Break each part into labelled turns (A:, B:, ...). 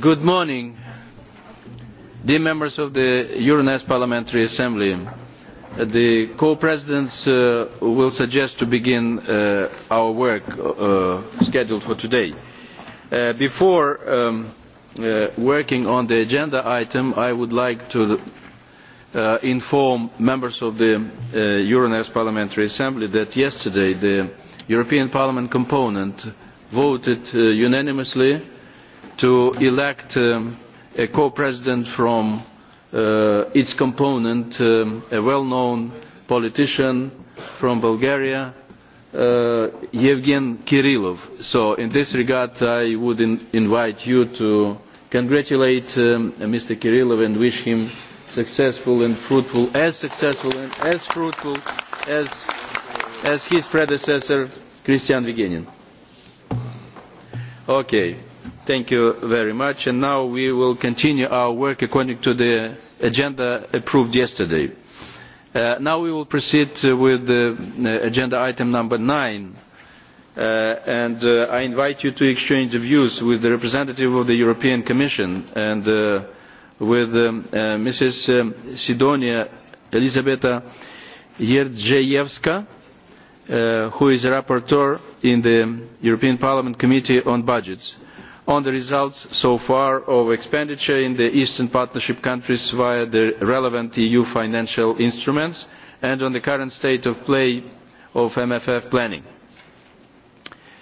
A: Good morning, dear members of the Euronest Parliamentary Assembly. The co-presidents uh, will suggest to begin uh, our work uh, scheduled for today. Uh, before um, uh, working on the agenda item, I would like to uh, inform members of the uh, Euronest Parliamentary Assembly that yesterday the European Parliament component voted uh, unanimously uh, to elect um, a co-president from uh, its component, um, a well-known politician from Bulgaria, uh, Yevgen Kirillov. So in this regard, I would in invite you to congratulate um, Mr. Kirillov and wish him successful and fruitful, as successful and as fruitful as, as his predecessor, Christian Vigenin. Okay. Thank you very much. And now we will continue our work according to the agenda approved yesterday. Uh, now we will proceed uh, with the uh, agenda item number nine. Uh, and uh, I invite you to exchange views with the representative of the European Commission and uh, with um, uh, Mrs. Um, Sidonia Elisabetta Yerdzejewska, uh, who is a rapporteur in the European Parliament Committee on Budgets. Uh, on the results so far of expenditure in the eastern partnership countries via the relevant eu financial instruments and on the current state of play of mff planning.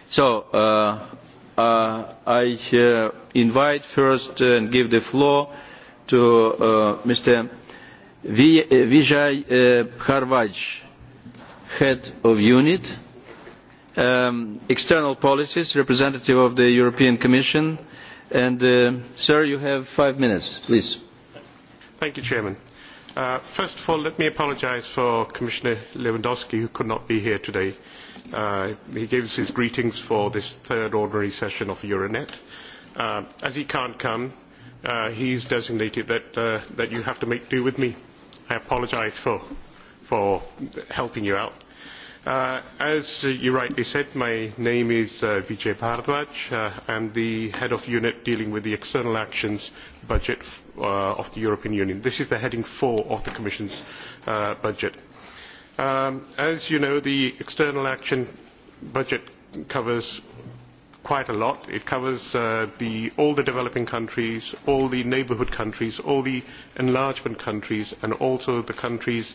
A: so uh, uh, i uh, invite first uh, and give the floor to uh, mr vijay uh, harvaj head of unit um, external policies, representative of the European Commission. And, uh, sir, you have five minutes, please.
B: Thank you, Chairman. Uh, first of all, let me apologise for Commissioner Lewandowski, who could not be here today. Uh, he gives his greetings for this third ordinary session of Euronet. Uh, as he can't come, uh, he's designated that, uh, that you have to make do with me. I apologise for, for helping you out. Uh, as you rightly said, my name is uh, Vijay Bharadwaj. Uh, I'm the head of unit dealing with the external actions budget uh, of the European Union. This is the heading 4 of the Commission's uh, budget. Um, as you know, the external action budget covers quite a lot. It covers uh, the, all the developing countries, all the neighbourhood countries, all the enlargement countries, and also the countries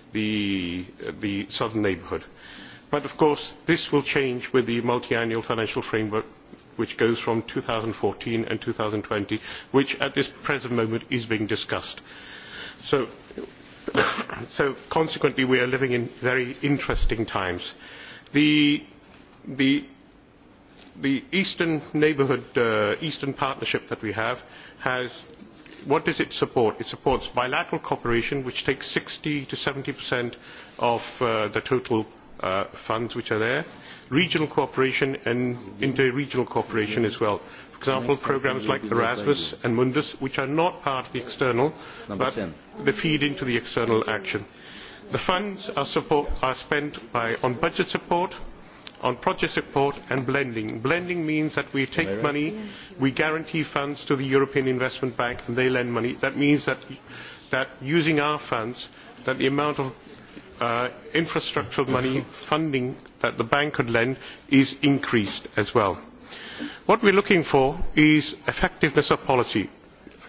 B: the, the southern neighbourhood. But of course this will change with the multiannual financial framework which goes from 2014 and 2020 which at this present moment is being discussed. So, so consequently we are living in very interesting times. The, the the eastern neighbourhood uh, eastern partnership that we have has what does it support? It supports bilateral cooperation, which takes 60 to 70 percent of uh, the total uh, funds which are there, regional cooperation and inter-regional cooperation as well. For example, programs like Erasmus and Mundus, which are not part of the external, but they feed into the external action. The funds are, support, are spent by, on budget support, on project support and blending. blending means that we take money we guarantee funds to the european investment bank and they lend money. that means that, that using our funds that the amount of uh, infrastructural money funding that the bank could lend is increased as well. what we are looking for is effectiveness of policy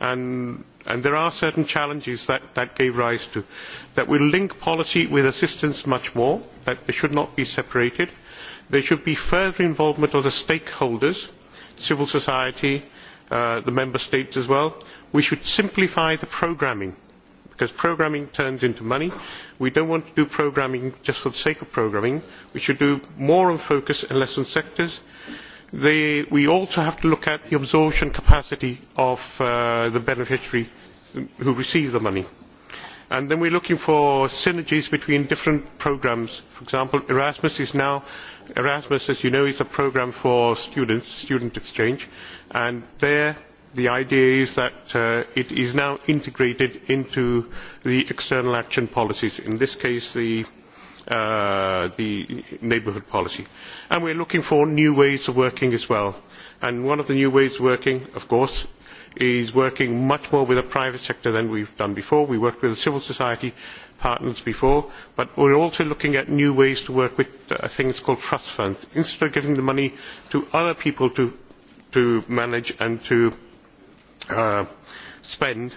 B: and, and there are certain challenges that that gave rise to. That we link policy with assistance much more, that they should not be separated. There should be further involvement of the stakeholders, civil society, uh, the member states as well. We should simplify the programming because programming turns into money. We don't want to do programming just for the sake of programming. We should do more on focus and less on sectors. Uh, They, we also have to look at the absorption capacity of uh, the beneficiary who receives the money. And then we're looking for synergies between different programs. For example, Erasmus is now, Erasmus, as you know, is a program for students, student exchange. And there, the idea is that uh, it is now integrated into the external action policies. In this case, the uh, uh, the neighbourhood policy. And we're looking for new ways of working as well. And one of the new ways of working, of course, is working much more with the private sector than we've done before. We worked with the civil society partners before, but we're also looking at new ways to work with uh, things called trust funds. Instead of giving the money to other people to, to manage and to uh, spend, uh,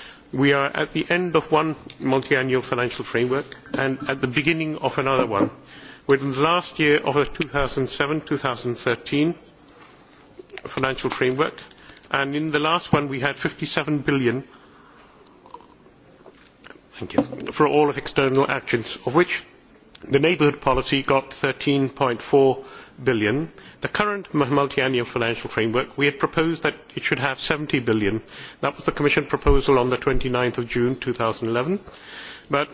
B: we are at the end of one multiannual financial framework and at the beginning of another one. with the last year of the two thousand and seven two thousand and thirteen financial framework and in the last one we had eur fifty seven billion for all of external actions of which the neighbourhood policy got eur. thirteen four billion. The current multi-annual financial framework, we had proposed that it should have 70 billion. That was the Commission proposal on the 29th of June 2011. But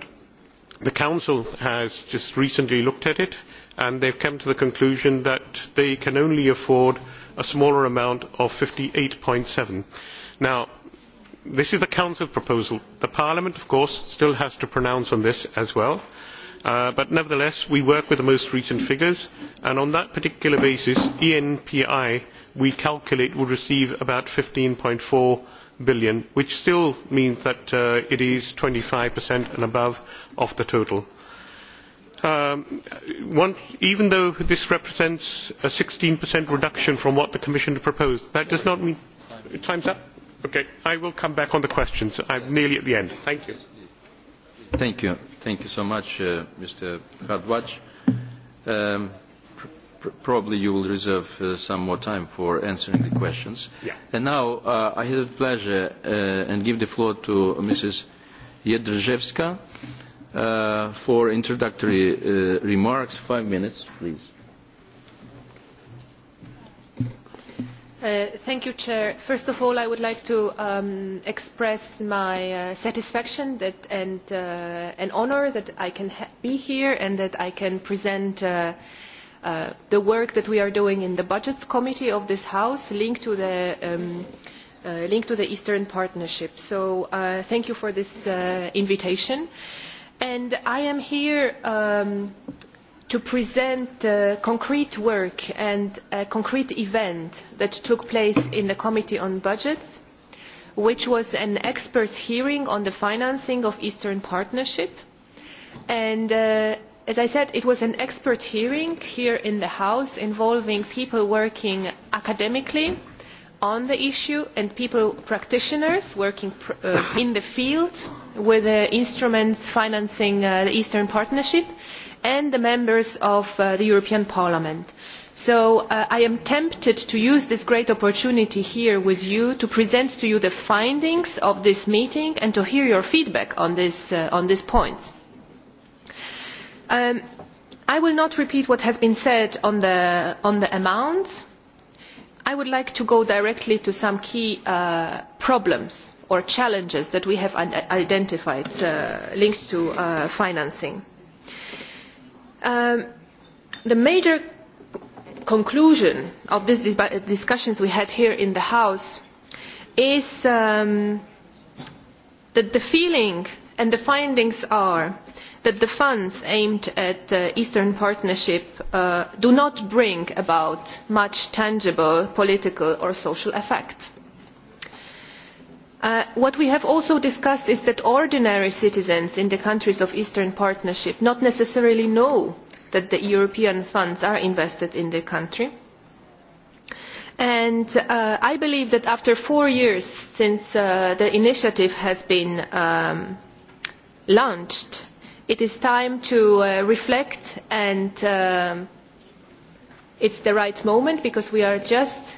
B: the Council has just recently looked at it and they've come to the conclusion that they can only afford a smaller amount of 58.7. Now, this is the Council proposal. The Parliament, of course, still has to pronounce on this as well Uh, but nevertheless we work with the most recent figures and on that particular basis enpi we calculate will receive about eur. fifteen four billion which still means that uh, it is twenty five and above of the total. Um, one, even though this represents a sixteen reduction from what the commission proposed that does not mean time's up okay i will come back on the questions i'm nearly at the end thank you Thank you. Thank you so much, uh, Mr. Hardwatch. Um,
A: pr probably you will reserve uh, some more time for answering the questions. Yeah. And now uh, I have the pleasure uh, and give the floor to Mrs. Jedrzejewska uh, for introductory uh, remarks. Five minutes, please.
C: Uh, you, first of all i would like to um, express my uh, satisfaction that, and uh, an honour that i can be here and that i can present uh, uh, the work that we are doing in the budgets committee of this house linked to the, um, uh, linked to the eastern partnership. so thank you for this invitation and i am here um, to present uh, concrete work and a concrete event that took place in the Committee on Budgets, which was an expert hearing on the financing of Eastern Partnership. And uh, as I said, it was an expert hearing here in the House involving people working academically on the issue and people, practitioners working pr uh, in the field with the uh, instruments financing uh, the Eastern Partnership and the members of uh, the European Parliament. So uh, I am tempted to use this great opportunity here with you to present to you the findings of this meeting and to hear your feedback on, this, uh, on these points. Um, I will not repeat what has been said on the, on the amounts. I would like to go directly to some key uh, problems or challenges that we have identified uh, linked to uh, financing. Um, the major conclusion of these discussions we had here in the House is um, that the feeling and the findings are that the funds aimed at the uh, Eastern Partnership uh, do not bring about much tangible political or social effect Uh, what we have also discussed is that ordinary citizens in the countries of the eastern partnership do not necessarily know that the european funds are invested in their country and uh, i believe that after four years since uh, the initiative has been um, launched it is time to uh, reflect and um, it is the right moment because we are just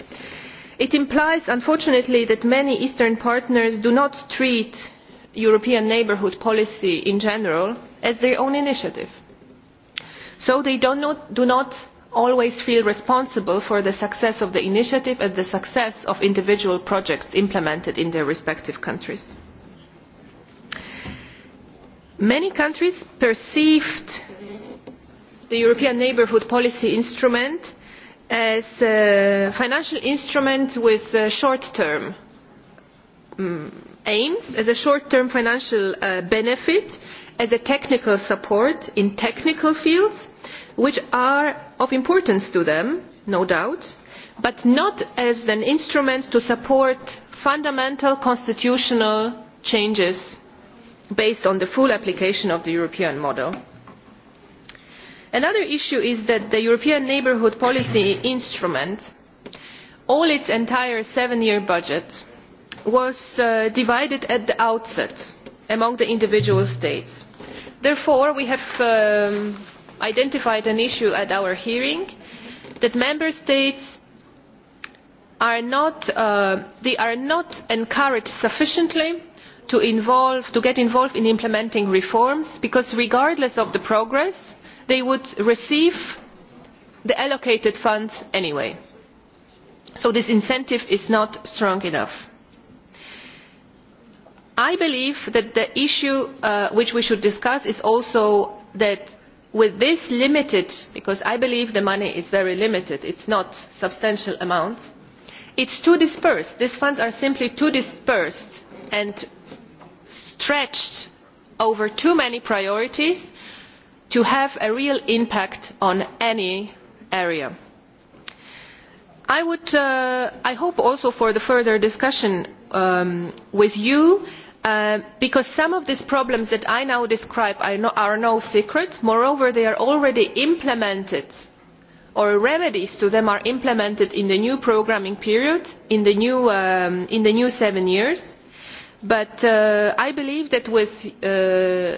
C: it implies unfortunately that many eastern partners do not treat european neighbourhood policy in general as their own initiative so they do not, do not always feel responsible for the success of the initiative and the success of individual projects implemented in their respective countries. Many countries perceived the European Neighbourhood Policy instrument as a financial instrument with uh, short term um, mm, aims as a short term financial uh, benefit as a technical support in technical fields which are of importance to them no doubt but not as an instrument to support fundamental constitutional changes based on the full application of the european model another issue is that the european neighbourhood policy instrument all its entire seven year budget was uh, divided at the outset among the individual states. therefore we have um, identified an issue at our hearing that member states are not, uh, they are not encouraged sufficiently to, involve, to get involved in implementing reforms because regardless of the progress they would receive the allocated funds anyway. so this incentive is not strong enough. i believe that the issue uh, which we should discuss is also that with this limited because i believe the money is very limited it is not substantial amounts it is too dispersed these funds are simply too dispersed and stretched over too many priorities to have a real impact on any area. I, would, uh, I hope also for the further discussion um, with you Uh, because some of these problems that i now describe are no, are no secret moreover they are already implemented or remedies to them are implemented in the new programming period in the new, um, in the new seven years but uh, i believe that with uh,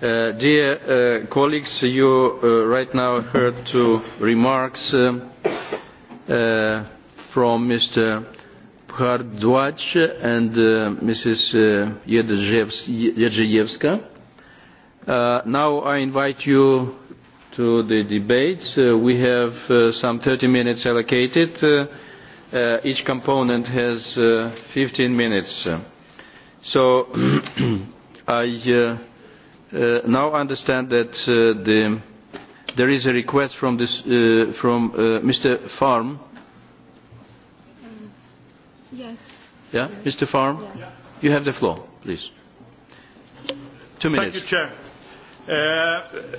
A: Uh, dear uh, colleagues, you uh, right now heard two remarks uh, uh, from Mr. Bhardwaj and uh, Mrs. Uh, Jedrzejewska. Uh, now I invite you to the debates. Uh, we have uh, some 30 minutes allocated. Uh, uh, each component has uh, 15 minutes. So I uh, uh, now understand that uh, the, there is a request from, this, uh, from uh, Mr. Farm.
D: Um, yes. Yeah, yes. Mr. Farm, yeah.
A: you have the floor, please. Two minutes.
E: Thank you, Chair. Uh,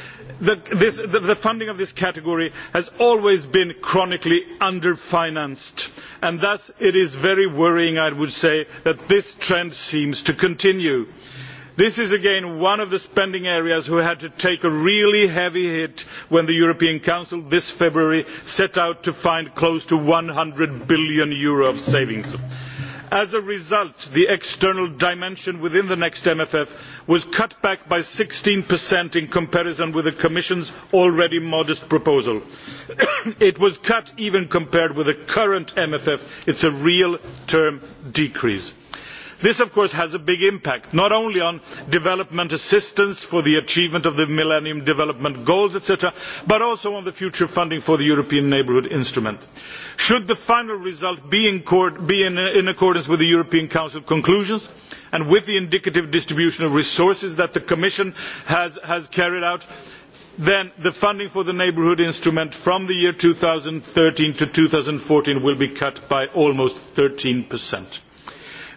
E: the, this, the, the funding of this category has always been chronically under financed and thus it is very worrying i would say that this trend seems to continue. this is again one of the spending areas which had to take a really heavy hit when the european council this february set out to find close to eur one hundred billion of savings as a result the external dimension within the next mff was cut back by sixteen in comparison with the commission's already modest proposal. it was cut even compared with the current mff it is a real term decrease this of course has a big impact not only on development assistance for the achievement of the millennium development goals etc but also on the future funding for the european neighbourhood instrument. should the final result be in accordance with the european council conclusions and with the indicative distribution of resources that the commission has carried out then the funding for the neighbourhood instrument from the year two thousand and thirteen to two thousand and fourteen will be cut by almost thirteen percent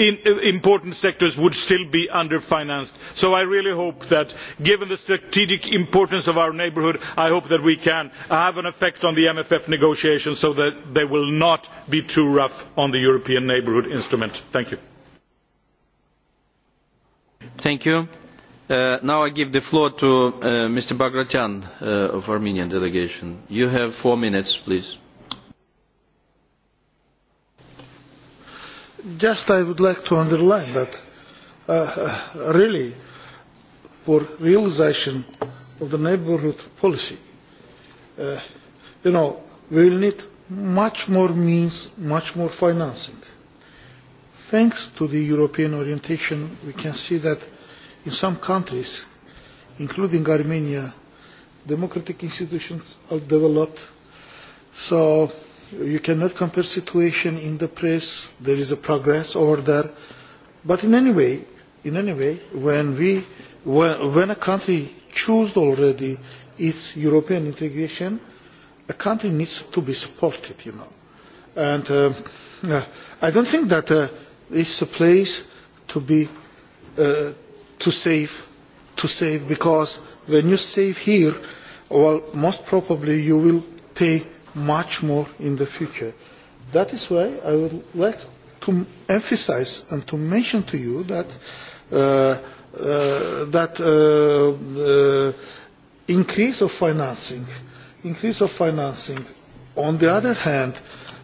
E: in important sectors would still be under financed. so i really hope that given the strategic importance of our neighbourhood we can have an effect on the mff negotiations so that they will not be too rough on the european neighbourhood instrument. thank you.
A: Thank you. Uh, now I give the floor to uh, Mr. Bagratyan uh, of Armenian delegation. You have four minutes, please.
F: Just I would like to underline that uh, uh, really for realization of the neighborhood policy, uh, you know, we will need much more means, much more financing. Thanks to the European orientation, we can see that in some countries, including Armenia, democratic institutions are developed. So You cannot compare situation in the press. There is a progress over there. But in any way, in any way, when we, when, when a country chose already its European integration, a country needs to be supported, you know. And uh, uh, I don't think that uh, it's a place to be uh, to save, to save, because when you save here, well, most probably you will pay much more in the future. That is why I would like to emphasize and to mention to you that uh, uh, that uh, the uh, increase of financing, increase of financing, on the other hand,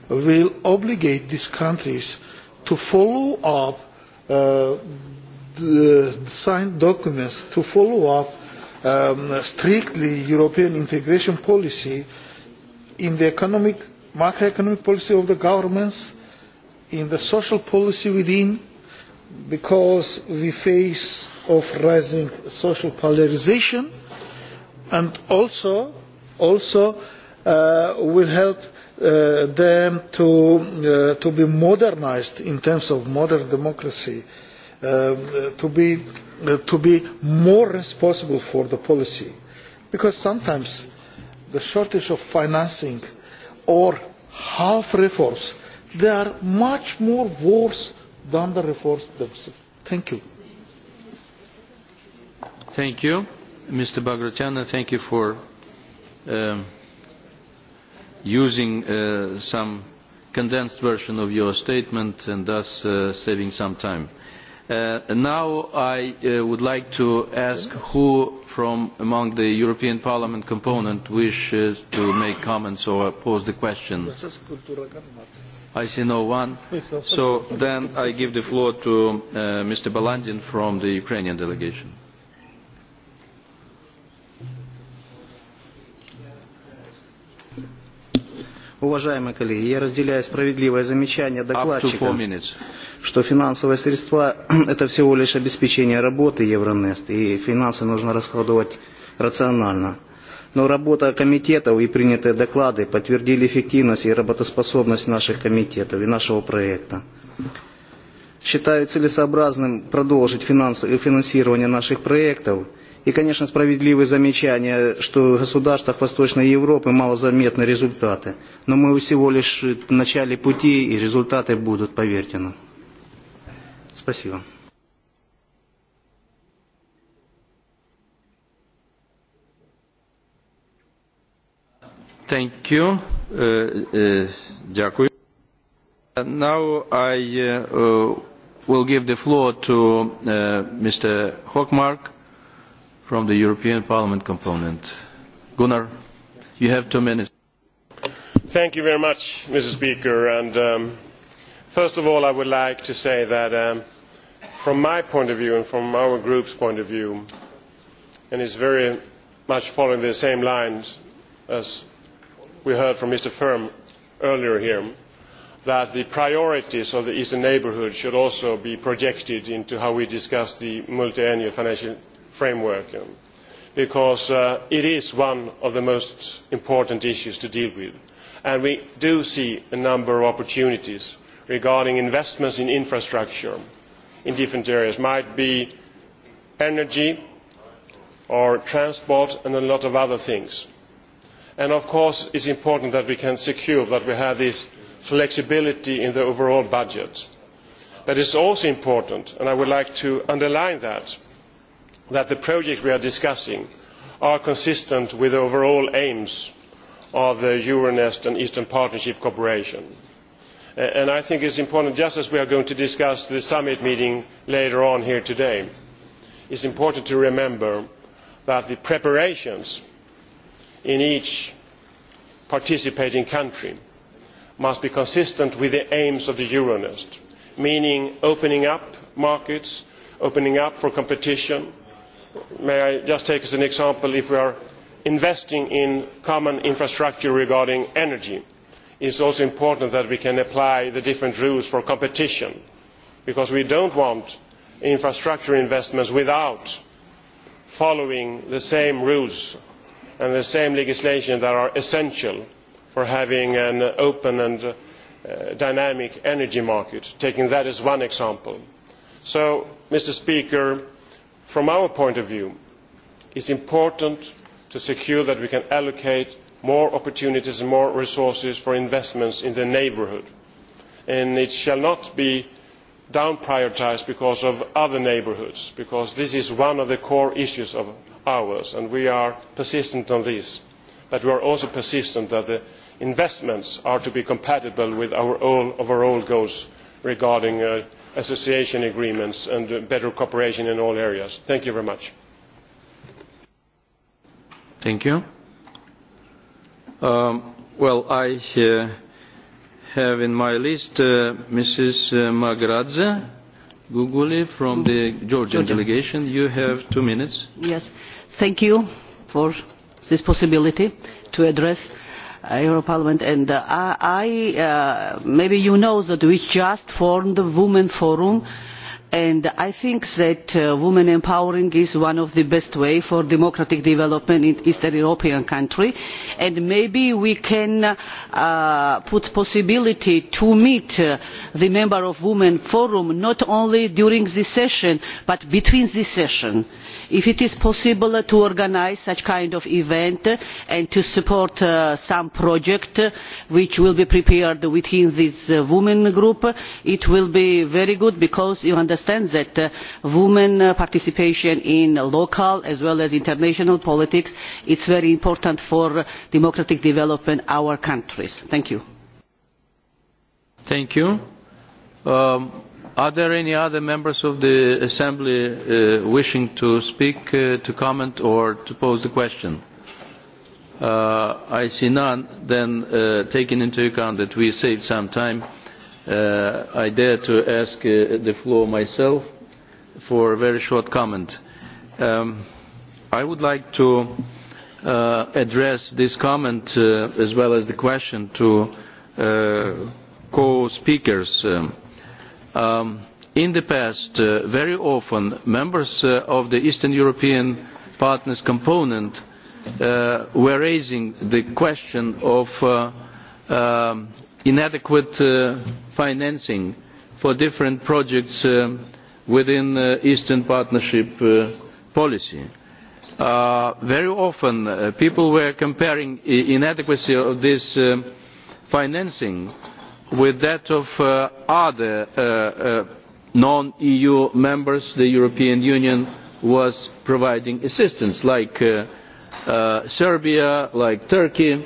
F: will obligate these countries to follow up uh, the signed documents, to follow up um, strictly European integration policy uh, in the economic, macroeconomic policy of the governments, in the social policy within, because we face of rising social polarization, and also, also uh, will help uh, them to, uh, to be modernized in terms of modern democracy, uh, to, be, uh, to be more responsible for the policy. Because sometimes the shortage of financing or half reforms, they are much more worse than the reforms themselves. Thank you.
A: Thank you, Mr. Bagratiana. Thank you for um, using uh, some condensed version of your statement and thus uh, saving some time. Uh, now I uh, would like to ask who from among the European Parliament component wishes to make comments or pose the question. I see no one. So then I give the floor to uh, Mr. Balandin from the Ukrainian delegation.
G: Уважаемые коллеги, я разделяю справедливое замечание докладчика, что финансовые средства – это всего лишь обеспечение работы Евронест, и финансы нужно расходовать рационально. Но работа комитетов и принятые доклады подтвердили эффективность и работоспособность наших комитетов и нашего проекта. Считаю целесообразным продолжить финансирование наших проектов – И, конечно, справедливые замечания, что в государствах Восточной Европы малозаметны результаты. Но мы всего лишь в начале пути, и результаты будут, поверьте нам. Спасибо.
A: Thank you. Uh, uh, дякую. Now I uh, will give the floor to uh, Mr. Hochmark from the European Parliament component. Gunnar, you have two minutes.
H: Thank you very much, Mr. Speaker. And um, first of all, I would like to say that um, from my point of view and from our group's point of view, and it's very much following the same lines as we heard from Mr. Firm earlier here, that the priorities of the Eastern neighbourhood should also be projected into how we discuss the multi-annual financial framework because uh, it is one of the most important issues to deal with. And we do see a number of opportunities regarding investments in infrastructure in different areas. It might be energy or transport and a lot of other things. And of course it is important that we can secure that we have this flexibility in the overall budget. But it is also important, and I would like to underline that, that the projects we are discussing are consistent with the overall aims of the euronest and eastern partnership cooperation. And i think it is important just as we are going to discuss the summit meeting later on here today to remember that the preparations in each participating country must be consistent with the aims of the euronest meaning opening up markets opening up for competition may i just take as an example if we are investing in common infrastructure regarding energy it is also important that we can apply the different rules for competition because we do not want infrastructure investments without following the same rules and the same legislation that are essential for having an open and uh, dynamic energy market taking that as one example. so mr speaker from our point of view it is important to secure that we can allocate more opportunities and more resources for investments in the neighbourhood and it shall not be down prioritised because of other neighbourhoods because this is one of the core issues of ours and we are persistent on this but we are also persistent that the investments are to be compatible with our overall goals regarding uh, association agreements and better cooperation in all areas. Thank you very much.
A: Thank you. Um, well, I uh, have in my list uh, Mrs. Uh, Magradze Guguli from the Georgian Georgia. delegation. You have two minutes.
I: Yes. Thank you for this possibility to address uh, Uh, Euro Parliament, and uh, I, uh, maybe you know that we just formed the Women Forum. Mm-hmm and i think that uh, women empowering is one of the best ways for democratic development in eastern european countries and maybe we can uh, put the possibility to meet uh, the member of women forum not only during this session but between the sessions if it is possible to organise such a kind of event and to support uh, some project which will be prepared within this uh, women group it will be very good because you understand understands that uh, women uh, participation in local as well as international politics is very important for democratic development in our countries. thank you.
A: thank you. Um, are there any other members of the assembly uh, wishing to speak uh, to comment or to pose the question? Uh, i see none then uh, taking into account that we saved some time uh, I dare to ask uh, the floor myself for a very short comment. Um, I would like to uh, address this comment uh, as well as the question to uh, co-speakers. Um, um, in the past, uh, very often, members uh, of the Eastern European partners component uh, were raising the question of uh, um, inadequate uh, financing for different projects um, within the uh, Eastern Partnership uh, policy. Uh, very often uh, people were comparing the inadequacy of this uh, financing with that of uh, other uh, uh, non-EU members the European Union was providing assistance, like uh, uh, Serbia, like Turkey,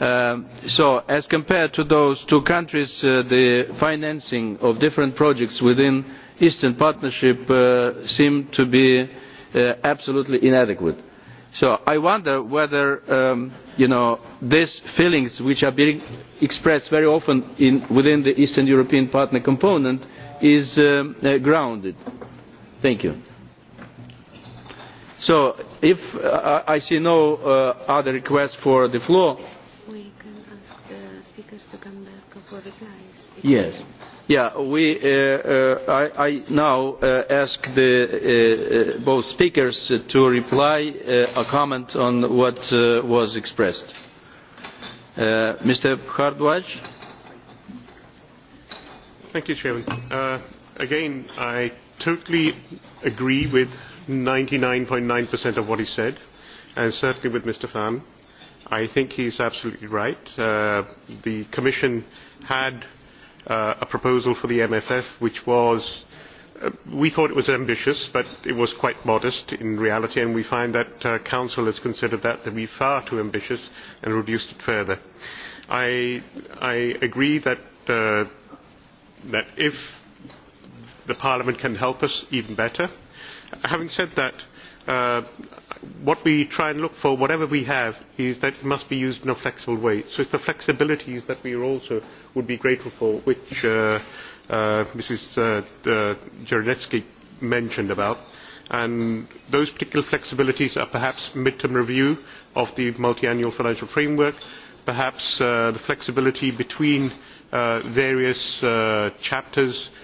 A: Um, so as compared to those two countries uh, the financing of different projects within the eastern partnership uh, seems to be uh, absolutely inadequate. so i wonder whether um, you know, these feelings which are being expressed very often in, within the eastern european partner component is um, uh, grounded. thank you. so if uh, i see no uh, other requests for the floor
J: for replies. Yes.
A: Yeah, we, uh, uh, I, I now uh, ask the, uh, uh both speakers uh, to reply uh, a comment on what uh, was expressed. Uh, Mr. Hardwaj?
B: Thank you, Chairman. Uh, again, I totally agree with 99.9% .9 of what he said, and certainly with Mr. Fan. I think he's absolutely right. Uh, the Commission uh, had uh, a proposal for the MFF which was uh, we thought it was ambitious, but it was quite modest in reality, and we find that uh, Council has considered that to be far too ambitious and reduced it further. I, I agree that, uh, that if the Parliament can help us, even better. Having said that, uh, what we try and look for, whatever we have, is that it must be used in a flexible way. So it's the flexibilities that we also would be grateful for, which uh, uh, Mrs. Uh, uh, Jaredetsky mentioned about. And those particular flexibilities are perhaps mid-term review of the multi-annual financial framework, perhaps uh, the flexibility between uh, various uh, chapters uh,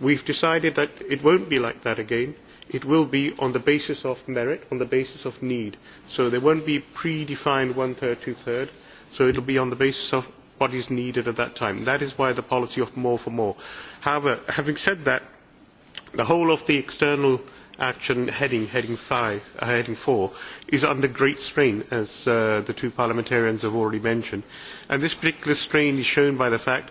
B: we have decided that it will not be like that again. it will be on the basis of merit on the basis of need so there will not be pre defined one third two thirds so it will be on the basis of what is needed at that time. that is why the policy of more for more. however having said that the whole of the external action heading heading, five, uh, heading four is under great strain as uh, the two parliamentarians have already mentioned and this particular strain is shown by the fact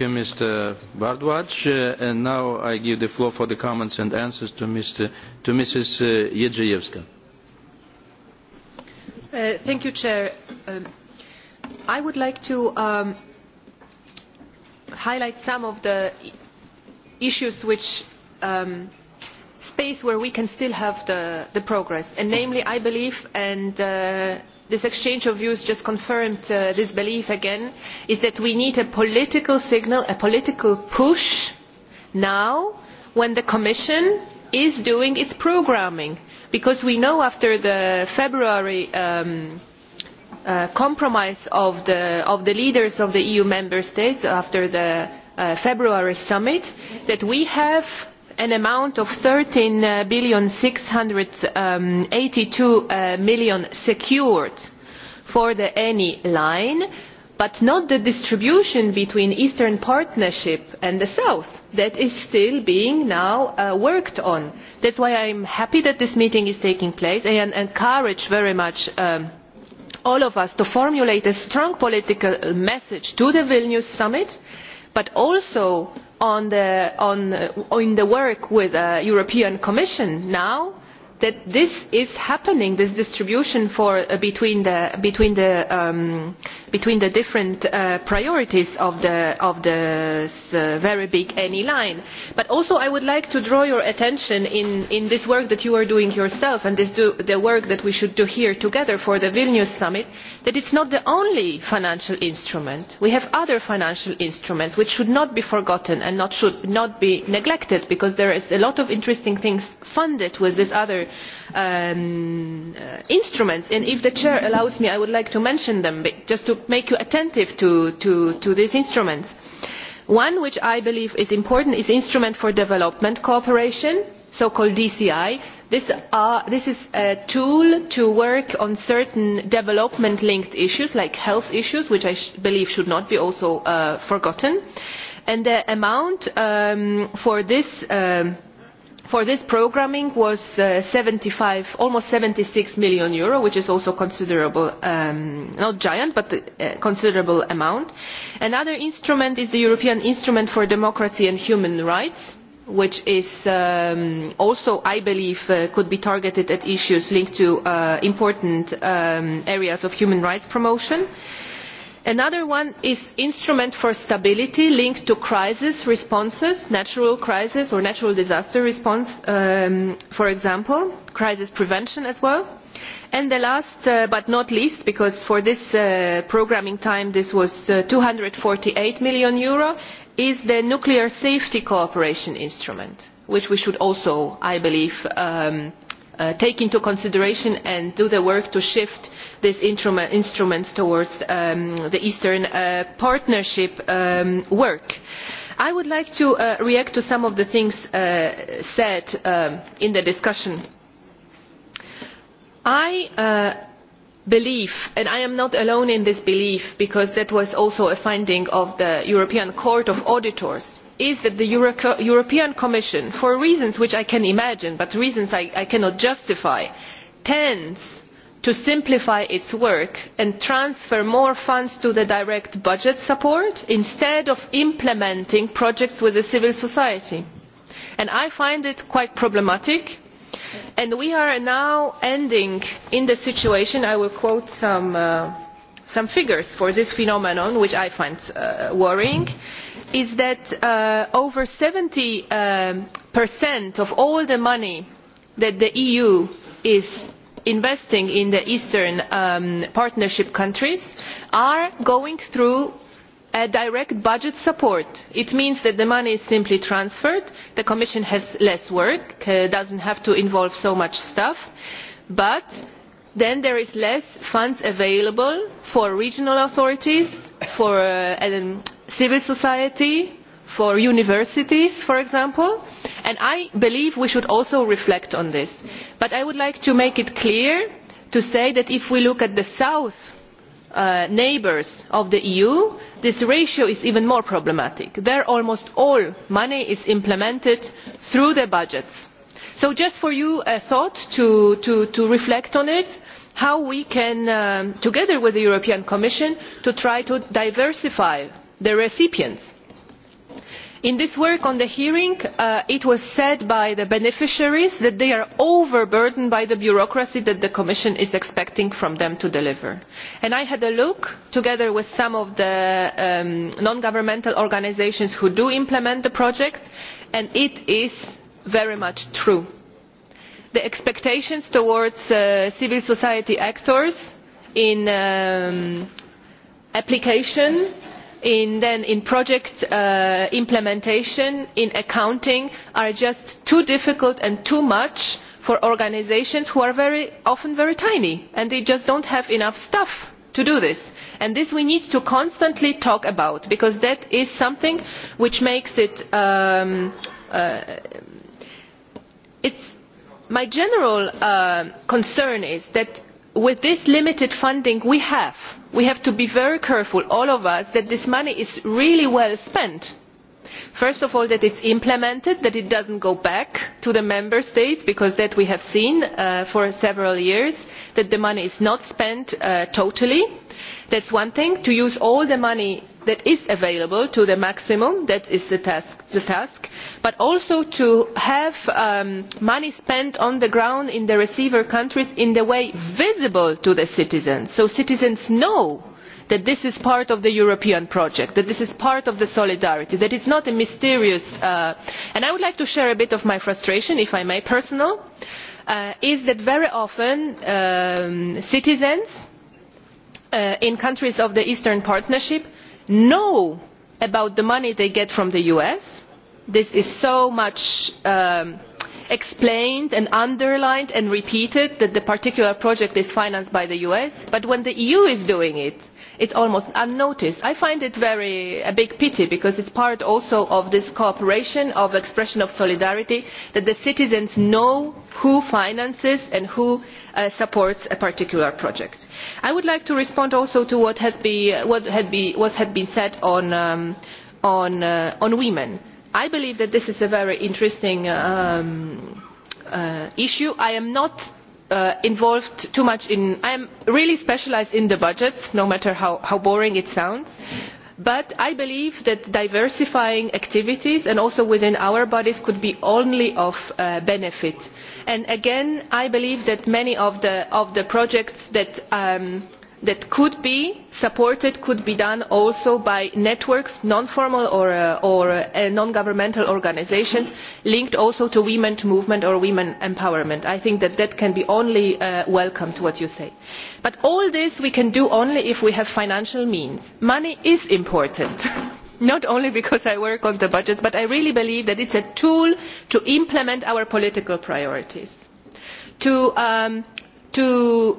A: Thank you, Mr. Bardwaj. Uh, and now I give the floor for the comments and answers to, Mr., to Mrs. Uh, Jedrzejewska.
C: Uh, thank you, Chair. Um, I would like to um, highlight some of the issues which um, space where we can still have the, the progress. And namely, I believe, and uh, this exchange of views just confirmed uh, this belief again, is that we need a political signal, a political push now when the Commission is doing its programming. Because we know after the February um, uh, compromise of the, of the leaders of the EU member states, after the uh, February summit, that we have an amount of eur thirteen six hundred and eighty two million secured for the eni line but not the distribution between the eastern partnership and the south that is still being now uh, worked on. that is why i am happy that this meeting is taking place and encourage very much um, all of us to formulate a strong political message to the vilnius summit but also on the, on, uh, in the work with the european commission now that this is happening this distribution for, uh, between, the, between, the, um, between the different uh, priorities of the of this, uh, very big any line but also i would like to draw your attention in, in this work that you are doing yourself and this do, the work that we should do here together for the vilnius summit that it is not the only financial instrument. we have other financial instruments which should not be forgotten and not, should not be neglected because there are a lot of interesting things funded with these other um, uh, instruments and if the chair allows me i would like to mention them just to make you attentive to, to, to these instruments. one which i believe is important is the instrument for development cooperation so called dci This, uh, this is a tool to work on certain development linked issues like health issues which i sh believe should not be also uh, forgotten and the amount um, for this um, for this programming was uh, 75, almost 76 million euro, which is also considerable, um, not giant, but a uh, considerable amount. Another instrument is the European Instrument for Democracy and Human Rights which is um, also, I believe, uh, could be targeted at issues linked to uh, important um, areas of human rights promotion. Another one is instrument for stability linked to crisis responses, natural crisis or natural disaster response, um, for example, crisis prevention as well. And the last uh, but not least, because for this uh, programming time this was uh, 248 million euro, is the nuclear safety cooperation instrument which we should also i believe um, uh, take into consideration and do the work to shift these instrument, instruments towards um, the eastern uh, partnership um, work. i would like to uh, react to some of the things uh, said um, in the discussion. i uh, belief and i am not alone in this belief because that was also a finding of the european court of auditors is that the Euro european commission for reasons which i can imagine but reasons i, I cannot justify tends to simplify its work and transfer more funds to the direct budget support instead of implementing projects with civil society. And i find it quite problematic and we are now ending in the situation i will quote some uh, some figures for this phenomenon which i find uh, worrying is that uh, over 70% um, percent of all the money that the eu is investing in the eastern um, partnership countries are going through direct budget support. it means that the money is simply transferred the commission has less work uh, does not have to involve so much staff but then there are fewer funds available for regional authorities for uh, um, civil society for universities for example and i believe we should also reflect on this. but i would like to make it clear that if we look at the south uh, neighbours of the eu this ratio is even more problematic. there almost all money is implemented through the budgets. so just for you a thought to, to, to reflect on it how we can um, together with the european commission to try to diversify the recipients in this work on the hearing uh, it was said by the beneficiaries that they are overburdened by the bureaucracy that the commission is expecting them to deliver and i had a look together with some of the um, non governmental organisations who do implement the project and it is very much true. the expectations towards uh, civil society actors in um, application in, then in project uh, implementation in accounting are just too difficult and too much for organisations which are very often very tiny and they just do not have enough staff to do this. And this we need to constantly talk about because that is something which makes it um, uh, it's my general uh, concern is that with this limited funding we have we have to be very careful all of us that this money is really well spent first of all that it is implemented that it does not go back to the member states because that we have seen uh, for several years that the money is not spent uh, totally that is one thing to use all the money that is available to the maximum that is the task, the task but also to have um, money spent on the ground in the receiver countries in a way visible to the citizens so citizens know that this is part of the european project that this is part of the solidarity that it is not a mysterious uh, and i would like to share a bit of my frustration if i may personal uh, is that very often um, citizens uh, in countries of the eastern partnership know about the money they get from the us this is so much um, explained and underlined and repeated that the particular project is financed by the us but when the eu is doing it it is almost unnoticed. i find it very, a big pity because it is part also of this cooperation of expression of solidarity that the citizens know who finances and who uh, supports a particular project. i would like to respond also to what has, be, what has, be, what has been said on, um, on, uh, on women. i believe that this is a very interesting um, uh, issue. i am not uh, involved too much in i am really specialised in the budgets no matter how, how boring it sounds but i believe that diversifying activities and also within our bodies could be only of uh, benefit and again i believe that many of the, of the projects that um, that could be supported could be done also by networks non formal or, uh, or uh, non governmental organisations linked also to the women's movement or women's empowerment. i think that that can be only uh, welcome to what you say. but all this we can do only if we have financial means. money is important not only because i work on the budgets but i really believe that it is a tool to implement our political priorities to, um, to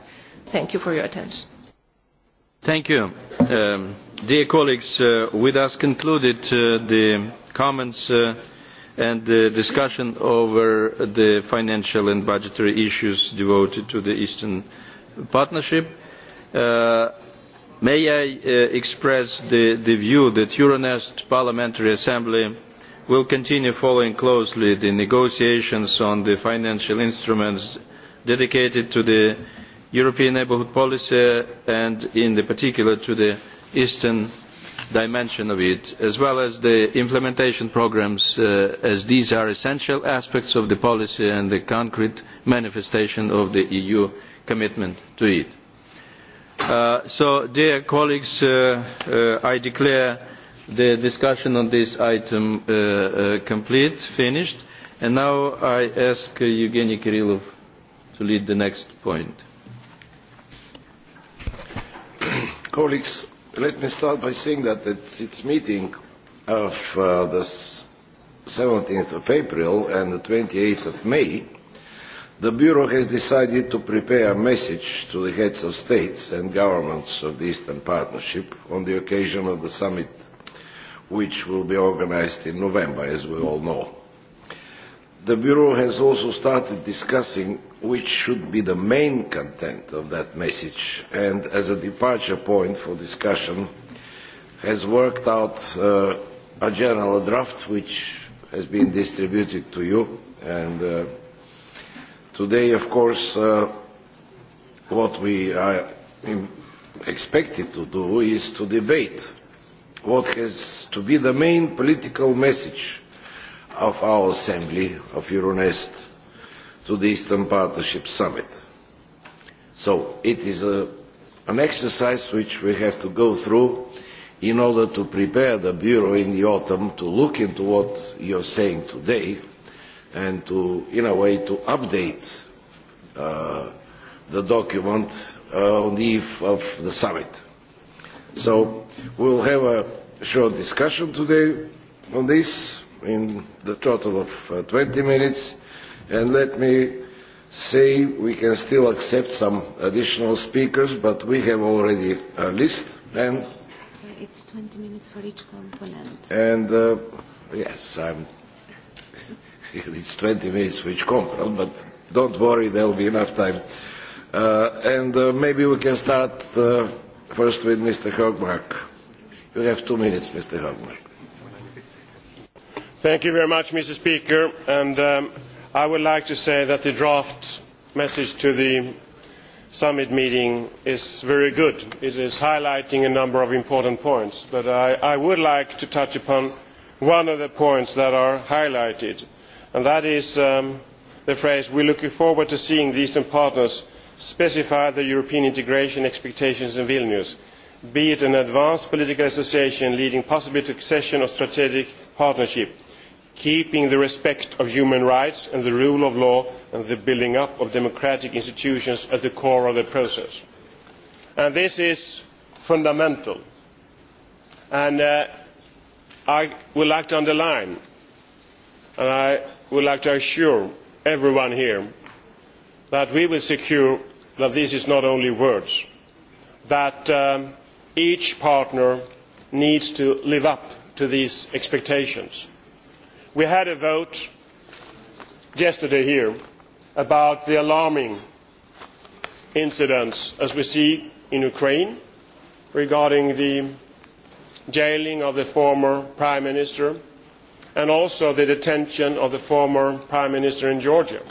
C: Thank you for your attention.
A: Thank you. Um, dear colleagues, uh, with us concluded uh, the comments uh, and the discussion over the financial and budgetary issues devoted to the Eastern Partnership. Uh, may I uh, express the, the view that Euronest Parliamentary Assembly will continue following closely the negotiations on the financial instruments dedicated to the european neighbourhood policy and in particular to the eastern dimension of it as well as the implementation programmes uh, as these are essential aspects of the policy and the concrete manifestation of the eu commitment to it. Uh, so dear colleagues uh, uh i declare the discussion on this item uh, uh, complete finished and now i ask evgeny kirilov to lead the next
K: point. colleagues, let me start by saying that at its meeting of uh, the 17th of April and the 28th of May, the Bureau has decided to prepare a message to the heads of states and governments of the Eastern Partnership on the occasion of the summit which will be organized in November, as we all know. The Bureau has also started discussing which should be the main content of that message and as a departure point for discussion has worked out uh, a general draft which has been distributed to you and uh, today of course uh, what we are expected to do is to debate what has to be the main political message of our assembly of euronest to the Eastern Partnership Summit. So it is a, an exercise which we have to go through in order to prepare the Bureau in the autumn to look into what you're saying today and to, in a way, to update uh, the document uh, on the eve of the summit. So we'll have a short discussion today on this in the total of uh, 20 minutes And let me say we can still accept some additional speakers, but we have already a list. And it's 20 minutes for each component. And uh, yes, I'm. it's 20 minutes for each component, but don't worry, there'll be enough time. Uh, and uh, maybe we can start uh, first with Mr. Hogmark. You have two minutes, Mr. Hogmark. Thank you very much, Mr.
H: Speaker. And um, i would like to say that the draft message to the summit meeting is very good. it highlights a number of important points but i would like to touch upon one of the points that is highlighted and that is um, the phrase we are looking forward to seeing the eastern partners specify their european integration expectations in vilnius be it an advanced political association leading possibly to accession or strategic partnership keeping the respect of human rights and the rule of law and the building up of democratic institutions at the core of the process. And this is fundamental and uh, i would like to underline and i would like to assure everyone here that we will secure that this is not only words that um, each partner needs to live up to these expectations we had a vote yesterday here about the alarming incidents as we see in ukraine regarding the jailing of the former prime minister and also the detention of the former prime minister in georgia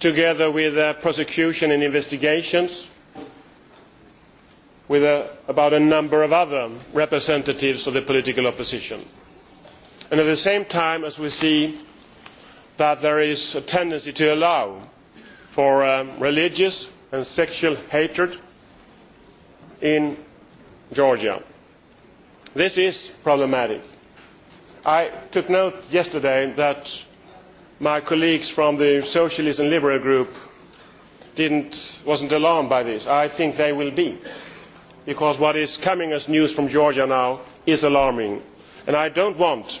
H: together with uh, prosecution and investigations uh, about a number of other representatives of the political opposition and at the same time as we see that there is a tendency to allow for um, religious and sexual hatred in georgia. this is problematic. i took note yesterday that my colleagues from the socialist and liberal group were not alarmed by this. i think they will be because what is coming as news from georgia now is alarming and i do not want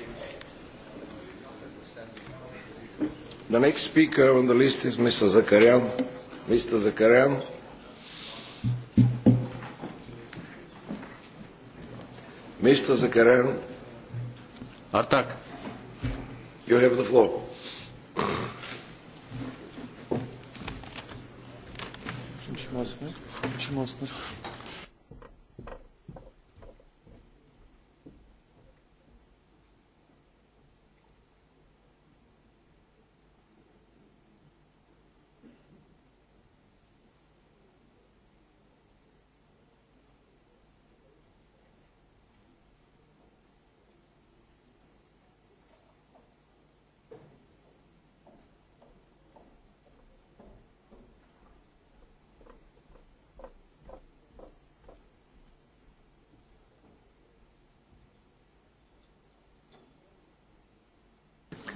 K: The next speaker on the list is Mr. Zakarian. Mr. Zakarian. Mr. Zakarian. Artak. You have the floor.
F: Şimdi Mosner. Şimdi Mosner.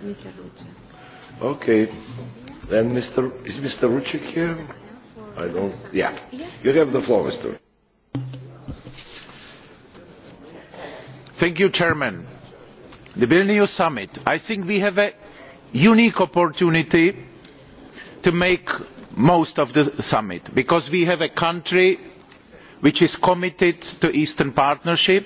K: Mr. Rucic. Okay. Then Mr. Is Mr. Rucic here?
L: I don't. Yeah. You have the floor, Mr. Thank you, Chairman. The Vilnius Summit. I think we have a unique opportunity to make most of the summit because we have a country which is committed to the Eastern Partnership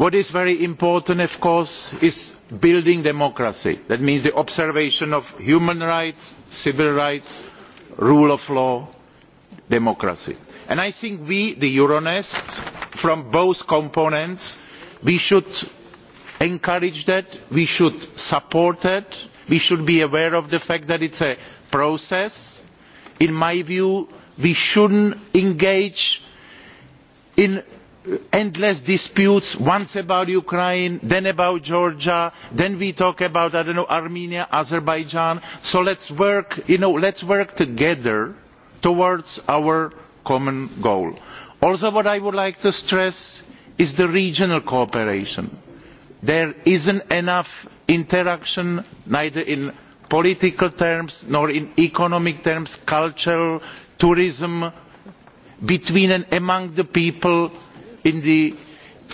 L: what is very important of course is building democracy that means the observation of human rights civil rights rule of law democracy. And i think we the euronest from both components should encourage that we should support that we should be aware of the fact that it is a process. in my view we should not engage in endless disputes once about ukraine then about georgia then we talk about i don't know armenia azerbaijan so let's work you know let's work together towards our common goal also what i would like to stress is the regional cooperation there isn't enough interaction neither in political terms nor in economic terms cultural tourism between and among the people in the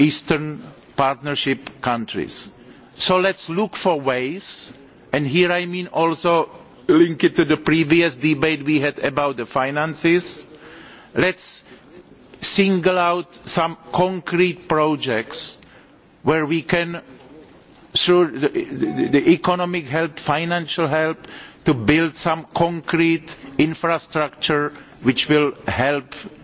L: eastern partnership countries. so let us look for ways and here i mean also link it to the previous debate we had about the finances let us single out some concrete projects where we can through the, the economic help financial help to build some concrete infrastructure which will help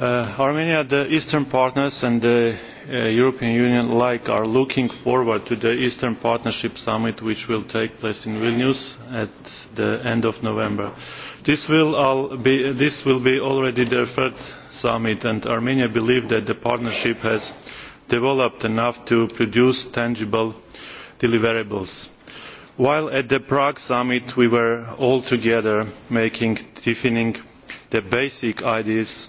M: Uh, Armenia, the Eastern partners and the uh, European Union alike are looking forward to the Eastern Partnership Summit which will take place in Vilnius at the end of November. This will, all be, this will be already their third summit and Armenia believes that the partnership has developed enough to produce tangible deliverables. While at the Prague summit we were all together making, defining the basic ideas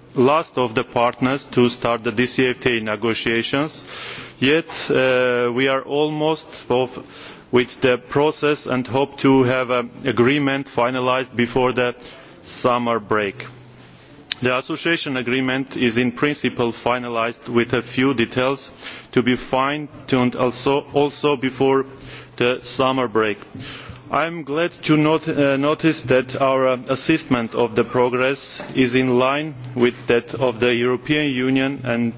M: last of the partners to start the DCFTA negotiations, yet uh, we are almost of, with the process and hope to have an agreement finalised before the summer break. The association agreement is in principle finalised with a few details to be fine-tuned also, also before the summer break i am glad to not, uh, notice that our assessment of the progress is in line with that of the european union and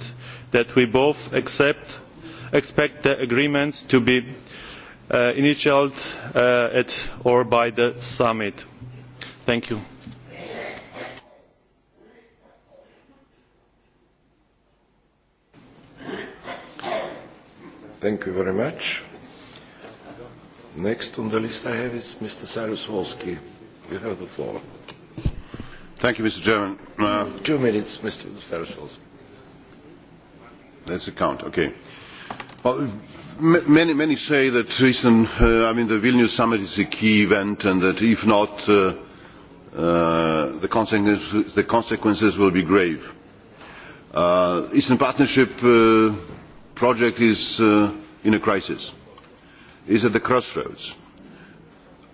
M: that we both accept, expect the agreements to be uh, initialled uh, at or by the summit. thank you.
K: thank you very much. Next on the list I have is Mr. Cyrus Wolski. You have the floor. Thank you, Mr. Chairman. Uh, Two minutes, Mr. Cyrus Wolski.
N: That's the count, okay. Well, many, many say that recent, uh, I mean, the Vilnius summit is a key event and that if not, uh, uh, the, consequences, the consequences will be grave. Uh, Eastern Partnership uh, project is uh, in a crisis is at the crossroads.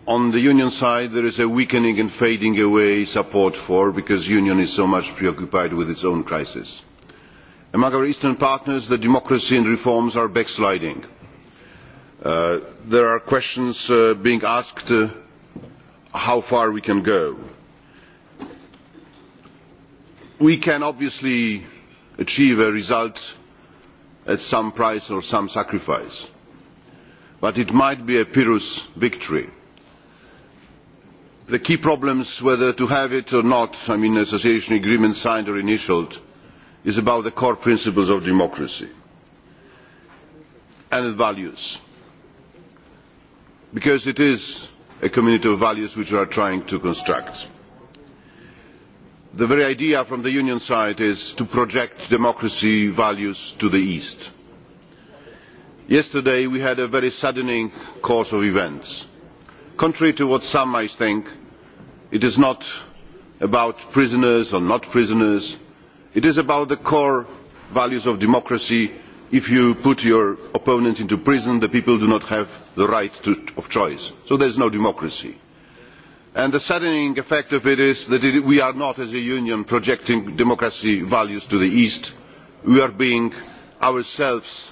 N: On the union side, there is a weakening and fading away support for, because union is so much preoccupied with its own crisis. Among our eastern partners, the democracy and reforms are backsliding. Uh, there are questions uh, being asked uh, how far we can go. We can obviously achieve a result at some price or some sacrifice but it might be a pyrrhus victory. the key problems whether to have it or not i mean an association agreement signed or initialled is about the core principles of democracy and values because it is a community of values which we are trying to construct. the very idea from the union side is to project democracy values to the east yesterday we had a very saddening course of events. contrary to what some might think it is not about prisoners or not prisoners it is about the core values of democracy if you put your opponent into prison the people do not have the right to, of choice so there is no democracy. And the saddening effect of it is that it, we are not as a union projecting democracy values to the east we are being ourselves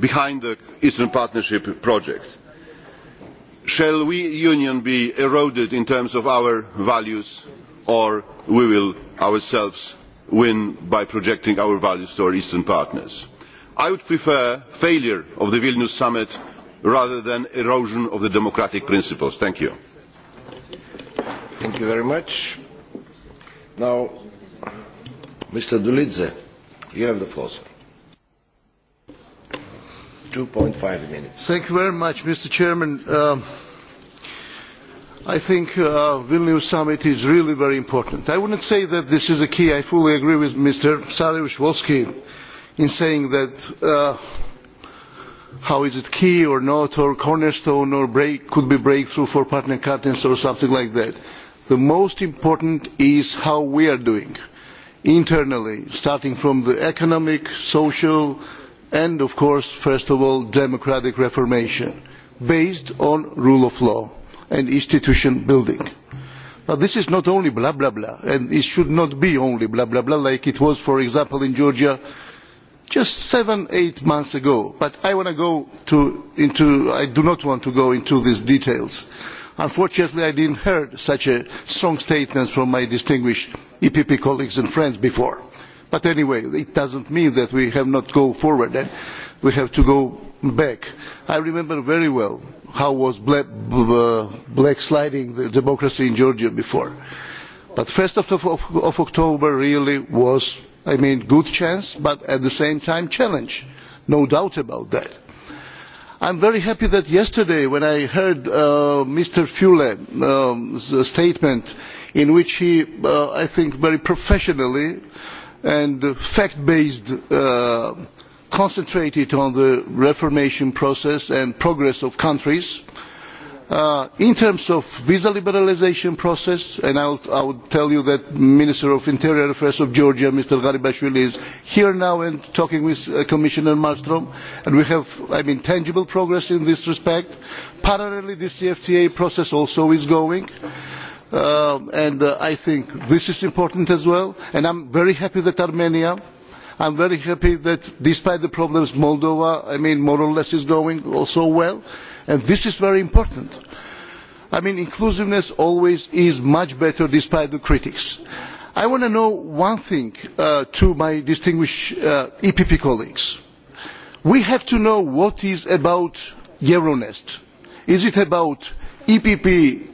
N: behind the eastern partnership project. shall we union be eroded in terms of our values or we will ourselves win by projecting our values to our eastern partners? i would prefer failure of the vilnius summit rather than erosion of the democratic principles. thank you. thank you very much.
K: now mr dolidze you have the floor sir. 2.5 minutes.
O: Thank you very much, Mr. Chairman. Uh, I think uh, Vilnius summit is really very important. I wouldn't say that this is a key. I fully agree with Mr. Sarevich-Wolski in saying that uh, how is it key or not or cornerstone or break, could be breakthrough for partner countries or something like that. The most important is how we are doing internally, starting from the economic, social, uh, and of course first of all democratic reformation based on rule of law and institution building. But this is not only blah blah blah and it should not be only blah blah blah like it was for example in Georgia just seven, eight months ago. But I, want to go to, into, I do not want to go into these details. Unfortunately, I didn't hear such a strong statement from my distinguished EPP colleagues and friends before But anyway, it doesn't mean that we have not go forward and we have to go back. I remember very well how was black, uh, black sliding the democracy in Georgia before. But 1st of, of, of October really was, I mean, good chance, but at the same time challenge. No doubt about that. I'm very happy that yesterday when I heard uh, Mr. Fule's um, statement in which he, uh, I think, very professionally uh, and fact based uh, concentrated on the reformation process and progress of countries. Uh, in terms of visa liberalisation process, and I'll, I would tell you that Minister of Interior Affairs of Georgia, Mr. Garibashvili, is here now and talking with uh, Commissioner Malmström, and we have, I mean, tangible progress in this respect. Parallelly, the CFTA process also is going. Uh, uh, and uh, I think this is important as well. And I'm very happy that Armenia, I'm very happy that despite the problems, Moldova, I mean, more or less is going also well. And this is very important. I mean, inclusiveness always is much better despite the critics. I want to know one thing uh, to my distinguished uh, EPP colleagues. We have to know what is about Euronest. Is it about EPP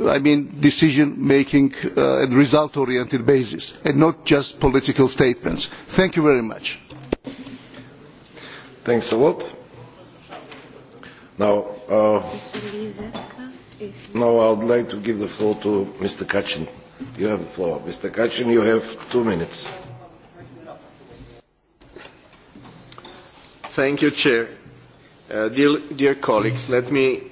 O: I mean decision making uh, and result oriented basis and not just political statements. Thank you very much. Thanks a lot. Now, uh, now I would
K: like to give the floor to Mr. Kachin. You have the floor. Mr. Kachin, you have two minutes. Thank you, Chair.
P: Uh, dear, dear colleagues, let me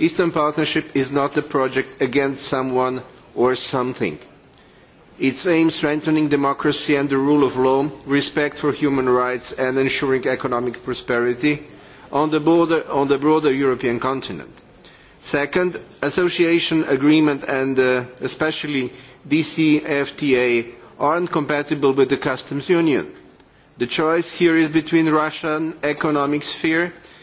P: Eastern Partnership is not a project against someone or something. Its aim strengthening democracy and the rule of law, respect for human rights and ensuring economic prosperity on the, border, on the broader European continent. Second, association agreement and uh, especially DCFTA aren't compatible with the customs union. The choice here is between Russian economic sphere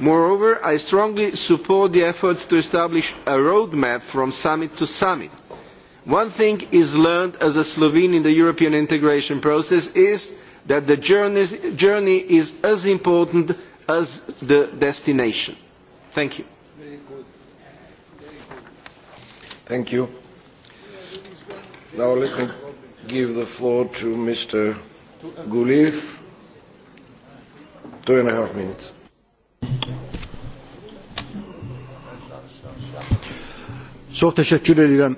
P: Moreover, I strongly support the efforts to establish a roadmap from summit to summit. One thing is learned as a Slovene in the European integration process is that the journey, journey is as important as the destination. Thank you.
K: Very good. Very
Q: good.
K: Thank you. Now let me give the floor to Mr. Guliev.
G: Two and a half minutes. Çox təşəkkür edirəm.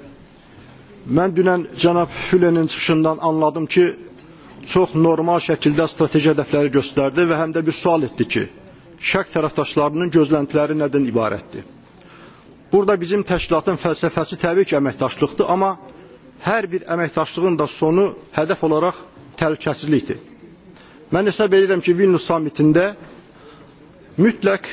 G: Mən dünən cənab Hülenin çıxışından anladım ki, çox normal şəkildə strateji hədəfləri göstərdi və həm də bir sual etdi ki, şərq tərəfdaşlarının gözləntiləri nədən ibarətdir? Burada bizim təşkilatın fəlsəfəsi təbii ki, əməkdaşlıqdır, amma hər bir əməkdaşlığın da sonu hədəf olaraq təhlükəsizlikdir. Mən hesab edirəm ki, Vilnius samitində mütləq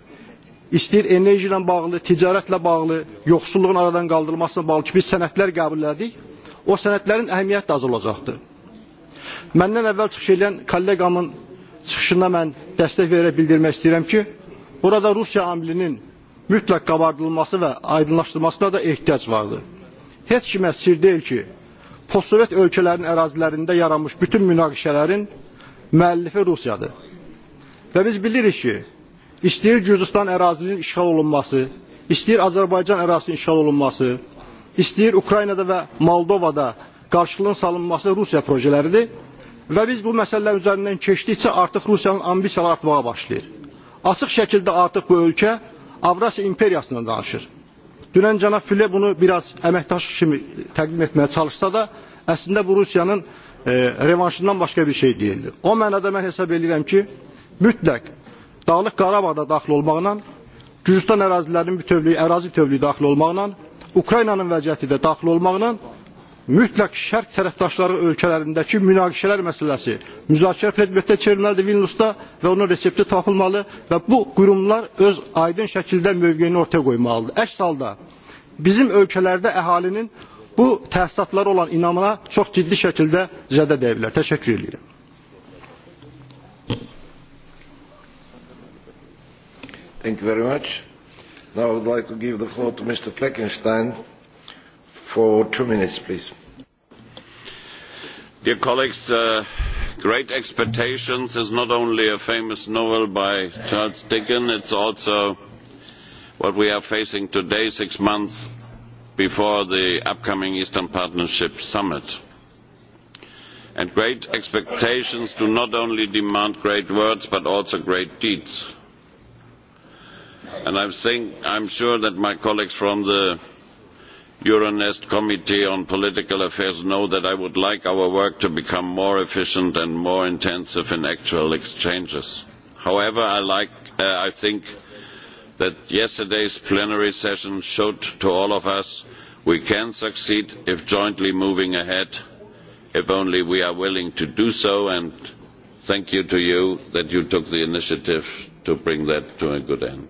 G: istəyir enerji ilə bağlı, ticarətlə bağlı, yoxsulluğun aradan qaldırılmasına bağlı ki, biz sənədlər qəbul elədik. O sənədlərin əhəmiyyəti də az olacaqdır. Məndən əvvəl çıxış edən kolleqamın çıxışına mən dəstək verərək bildirmək istəyirəm ki, burada Rusiya amilinin mütləq qabardılması və aydınlaşdırılmasına da ehtiyac vardır. Heç kimə sir deyil ki, postsovet ölkələrin ərazilərində yaranmış bütün münaqişələrin müəllifi Rusiyadır. Və biz bilirik ki, istəyir Gürcüstan ərazisinin işğal olunması, istəyir Azərbaycan ərazisinin işğal olunması, istəyir Ukraynada və Moldovada qarşılığın salınması Rusiya projələridir və biz bu məsələlər üzərindən keçdikcə artıq Rusiyanın ambisiyaları artmağa başlayır. Açıq şəkildə artıq bu ölkə Avrasiya imperiyasından danışır. Dünən cənab Füle bunu biraz əməkdaş kimi təqdim etməyə çalışsa da, əslində bu Rusiyanın e, revanşından başqa bir şey deyildi. O mənada mən hesab edirəm ki, mütləq Dağlıq Qarabağda daxil olmaqla, Gürcüstan ərazilərinin bütövlüyü, ərazi bütövlüyü daxil olmaqla, Ukraynanın vəziyyəti də daxil olmaqla mütləq şərq tərəfdaşları ölkələrindəki münaqişələr məsələsi müzakirə predmetdə çevrilməlidir Vilniusda və onun resepti tapılmalı və bu qurumlar öz aydın şəkildə mövqeyini ortaya qoymalıdır. Əks halda bizim ölkələrdə əhalinin bu təsisatlara olan inamına çox ciddi şəkildə zədə dəyiblər. Təşəkkür edirəm.
K: Thank you very much. Now I would like to give the floor to Mr. Fleckenstein for two minutes, please.
R: Dear colleagues, uh, Great Expectations is not only a famous novel by Charles Dickens, it's also what we are facing today, six months before the upcoming Eastern Partnership Summit. And great expectations do not only demand great words, but also great deeds and I'm, saying, I'm sure that my colleagues from the Euronest Committee on Political Affairs know that I would like our work to become more efficient and more intensive in actual exchanges. However, I, like, uh, I think that yesterday's plenary session showed to all of us we can succeed if jointly moving ahead, if only we are willing to do so, and thank you to you that you took the initiative to bring that to a good end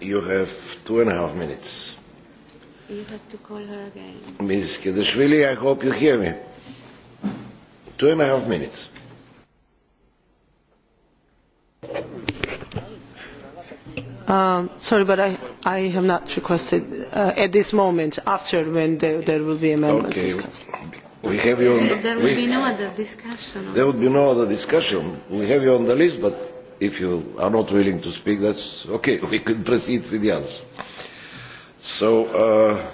K: You have two and a half minutes.
J: You have to call her again.
K: Ms. Kedeshvili, I hope you hear me. Two and a half minutes.
S: Um, sorry, but I, I have not requested uh, at this moment, after when there, there will be amendments okay. discussed.
K: We have you on the, there will we,
D: be no other discussion. There
K: would be no other discussion. We have you on the list, but if you are not willing to speak, that's okay. We can proceed with the others. So, uh,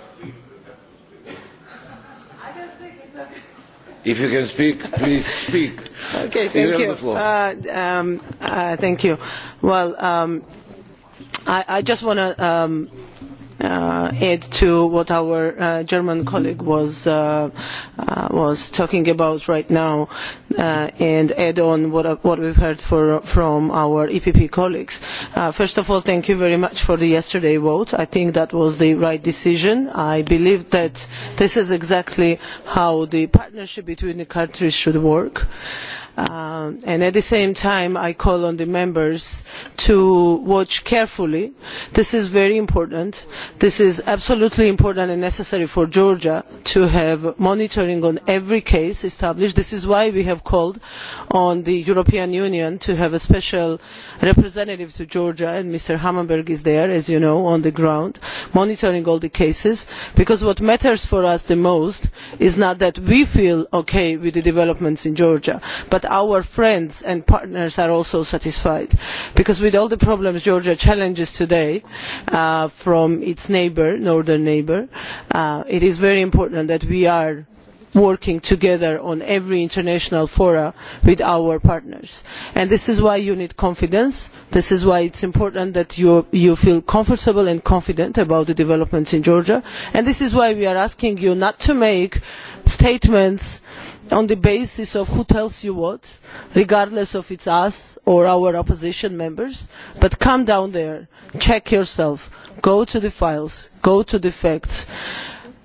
K: if you can speak, please speak.
T: okay, thank you. you. The floor.
S: Uh, um, uh, thank you. Well, um, I, I just want to. Um, uh, add to what our uh, German colleague was uh, uh, was talking about right now, uh, and add on what uh, what we've heard for, from our EPP colleagues. Uh, first of all, thank you very much for the yesterday vote. I think that was the right decision. I believe that this is exactly how the partnership between the countries should work. Uh, Uh, and at the same time i call on the members to watch carefully this is very important this is absolutely important and necessary for georgia to have monitoring on every case established this is why we have called on the european union to have a special representative to georgia and mr hammarberg is there as you know on the ground monitoring all the cases because what matters for us the most is not that we feel okay with the developments in georgia but that our friends and partners are also satisfied because with all the problems georgia faces today uh, from its neighbour, northern neighbour uh, it is very important that we are working together on every international forum with our partners. And this is why you need confidence this is why it is important that you, you feel comfortable and confident about the developments in georgia and this is why we are asking you not to make statements on the basis of who tells you what regardless of it's us or our opposition members but come down there check yourself go to the files go to the facts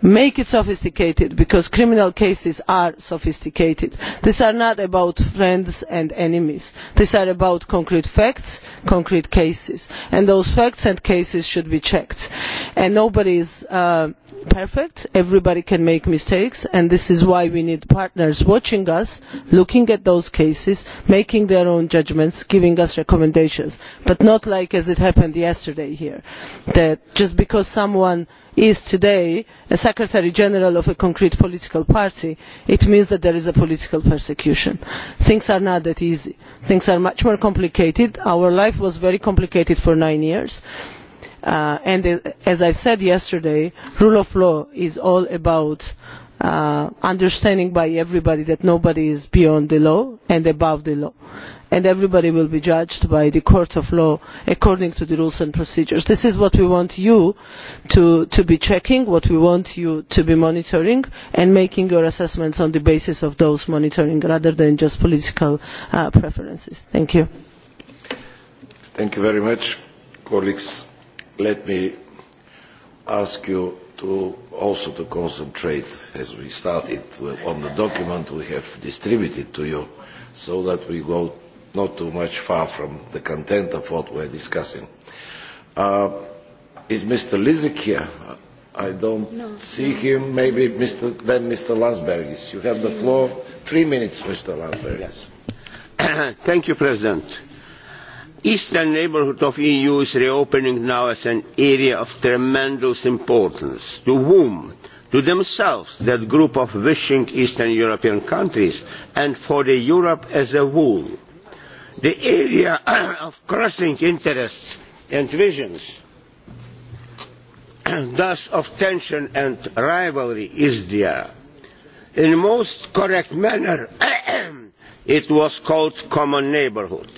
S: make it sophisticated because criminal cases are sophisticated. these are not about friends and enemies these are about concrete facts concrete cases and those facts and cases should be checked. And nobody is uh, perfect everybody can make mistakes and this is why we need partners watching us looking at those cases making their own judgments giving us recommendations but not like as it happened yesterday here that just because someone is today a secretary general of a concrete political party it means that there is political persecution. things are not that easy. things are much more complicated. our life was very complicated for nine years uh, and uh, as i said yesterday the rule of law is all about uh, understanding by everybody that nobody is beyond the law and above the law and everybody will be judged by the court of law according to the rules and procedures. This is what we want you to, to be checking, what we want you to be monitoring and making your assessments on the basis of those monitoring rather than just political uh, preferences. Thank you.
K: Thank you very much. Colleagues, let me ask you to also to concentrate as we started on the document we have distributed to you so that we go not too much far from the content of what we're discussing. Uh, is Mr. Lizik here? I don't no. see him. Maybe Mr. then Mr. Landsbergis. You have the floor. Three minutes, Mr. Landsbergis.
J: Yes. Thank you, President. Eastern neighborhood of EU is reopening now as an area of tremendous importance. To whom? to themselves that group of wishing eastern european countries and for the europe as a whole the area of crossing interests and visions and thus of tension and rivalry is there. in the most correct manner it was called common neighbourhood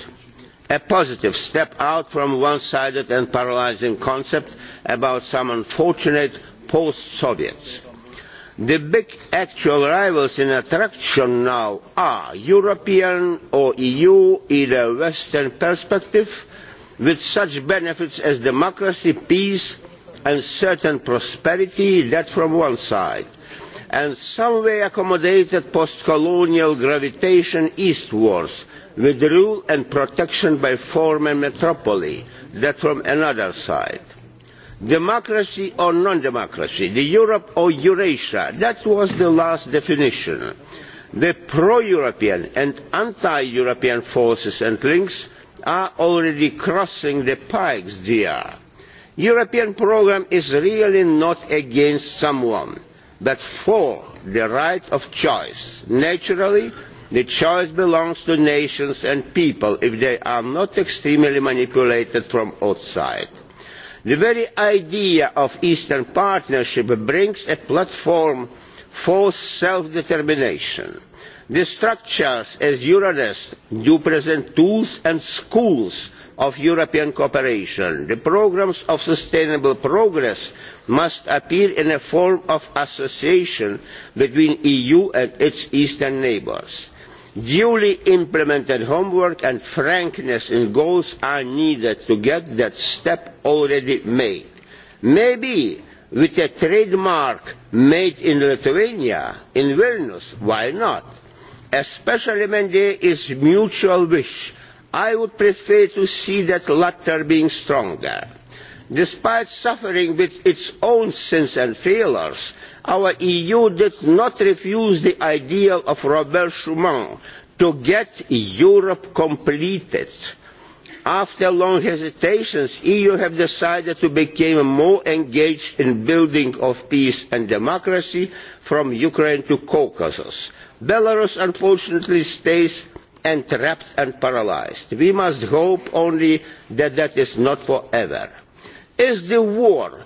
J: a positive step out from the one sided and paralysing concept about some unfortunate post soviets. The big actual rivals in attraction now are European or EU in a Western perspective, with such benefits as democracy, peace and certain prosperity, that from one side, and somewhere accommodated post-colonial gravitation eastwards, with rule and protection by former metropoly, that from another side democracy or non-democracy, the Europe or Eurasia. That was the last definition. The pro-European and anti-European forces and links are already crossing the pikes there. European program is really not against someone, but for the right of choice. Naturally, the choice belongs to nations and people if they are not extremely manipulated from outside the very idea of the eastern partnership brings a platform for self determination. the structures as euronest do present tools and schools of european cooperation. the programmes of sustainable progress must appear in a form of association between the eu and its eastern neighbours duly implemented homework and frankness in goals are needed to get that step already made. Maybe with a trademark made in Lithuania, in Vilnius, why not? Especially when there is mutual wish. I would prefer to see that latter being stronger. Despite suffering with its own sins and failures, our eu did not refuse the ideal of robert schuman to get europe completed. after long hesitations the eu has decided to become more engaged in the building of peace and democracy from ukraine to the caucasus. belarus unfortunately stays entrapped and paralysed. we must hope only that that is not forever. is the war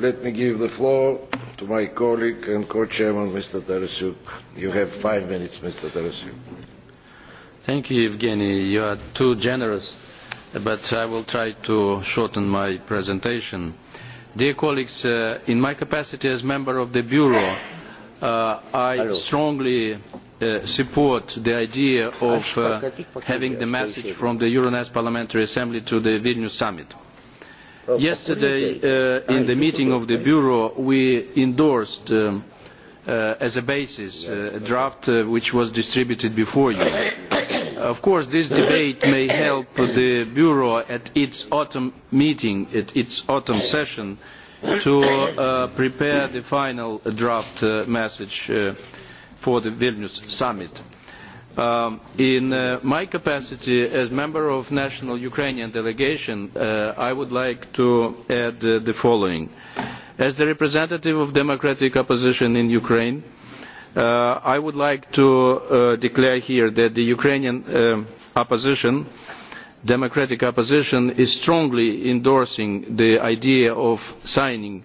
K: Let me give the floor to my colleague and co-chairman, Mr. Tarasuk. You have five minutes, Mr. Tarasuk.
A: Thank you, Evgeny. You are too generous, but I will try to shorten my presentation. Dear colleagues, uh, in my capacity as member of the Bureau, uh, I Hello. strongly uh, support the idea of uh, having the message from the Euronest Parliamentary Assembly to the Vilnius Summit. Uh,
Q: Oh, Yesterday,
A: uh, in the meeting of the Bureau, we endorsed um, uh, as a basis uh, a draft uh, which was distributed before you. of course, this debate may help the Bureau at its autumn meeting, at its autumn session, to uh, prepare the final draft uh, message uh, for the Vilnius summit. Uh, Um, in uh, my capacity as member of National Ukrainian Delegation, uh, I would like to add uh, the following. As the representative of democratic opposition in Ukraine, uh, I would like to uh, declare here that the Ukrainian uh, opposition democratic opposition is strongly endorsing the idea of signing uh,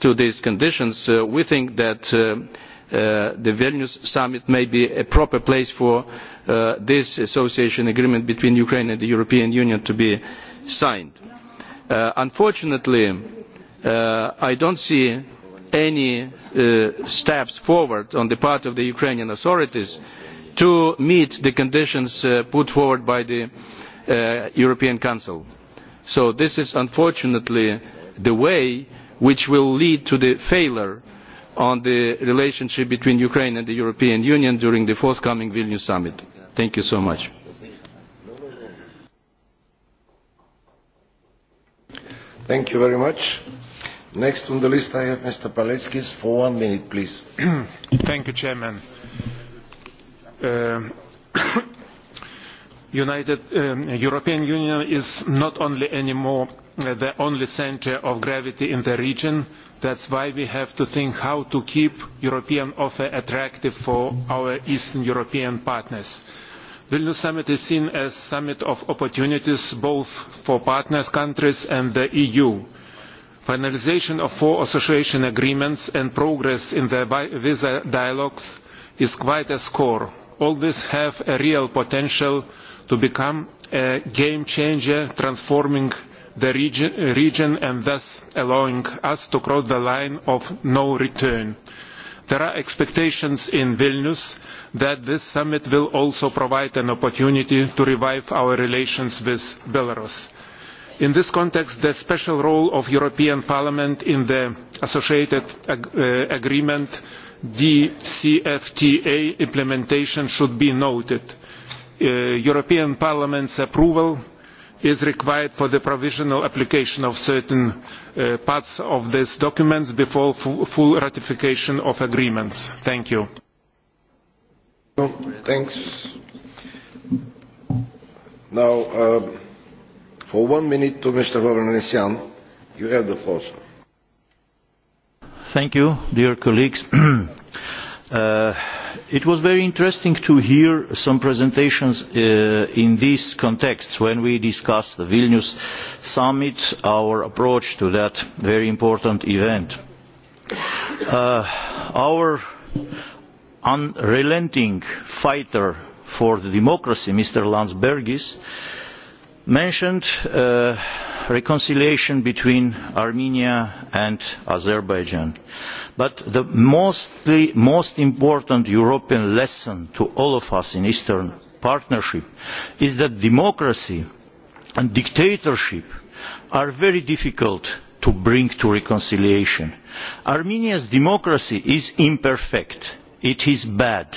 A: to these conditions, uh, we think that uh, uh, the Vilnius summit may be a proper place for uh, this association agreement between Ukraine and the European Union to be signed. Uh, unfortunately, uh, I don't see any uh, steps forward on the part of the Ukrainian authorities to meet the conditions uh, put forward by the uh, European Council. So this is unfortunately the way uh, which will lead to the failure on the relationship between Ukraine and the European Union during the forthcoming Vilnius summit. Thank you so much.
K: Thank you very much. Next on the list I have Mr. Paleckis for one minute, please.
U: Thank you, Chairman. Uh, United um, European Union is not only anymore the only center of gravity in the region. That's why we have to think how to keep European offer attractive for our Eastern European partners. Vilnius summit is seen as summit of opportunities both for partner countries and the EU. Finalization of four association agreements and progress in the visa dialogues is quite a score. All this have a real potential to become a game changer transforming the region, region and thus allowing us to cross the line of no return. There are expectations in Vilnius that this summit will also provide an opportunity to revive our relations with Belarus. In this context, the special role of European Parliament in the associated ag uh, agreement DCFTA implementation should be noted. Uh, European Parliament's approval is required for the provisional application of certain uh, parts of these documents before full ratification of agreements. Thank you.
K: Oh, thanks. Now, uh, for one minute to Mr. Vavranesian, you have the floor. Sir.
Q: Thank you, dear colleagues. uh, it was very interesting to hear some presentations uh, in this context when we discussed the Vilnius summit, our approach to that very important event. Uh, our unrelenting fighter for democracy, Mr. Landsbergis, uh, mentioned uh, reconciliation between armenia and azerbaijan but the mostly, most important european lesson to all of us in the eastern partnership is that democracy and dictatorship are very difficult to bring to reconciliation. armenia's democracy is imperfect it is bad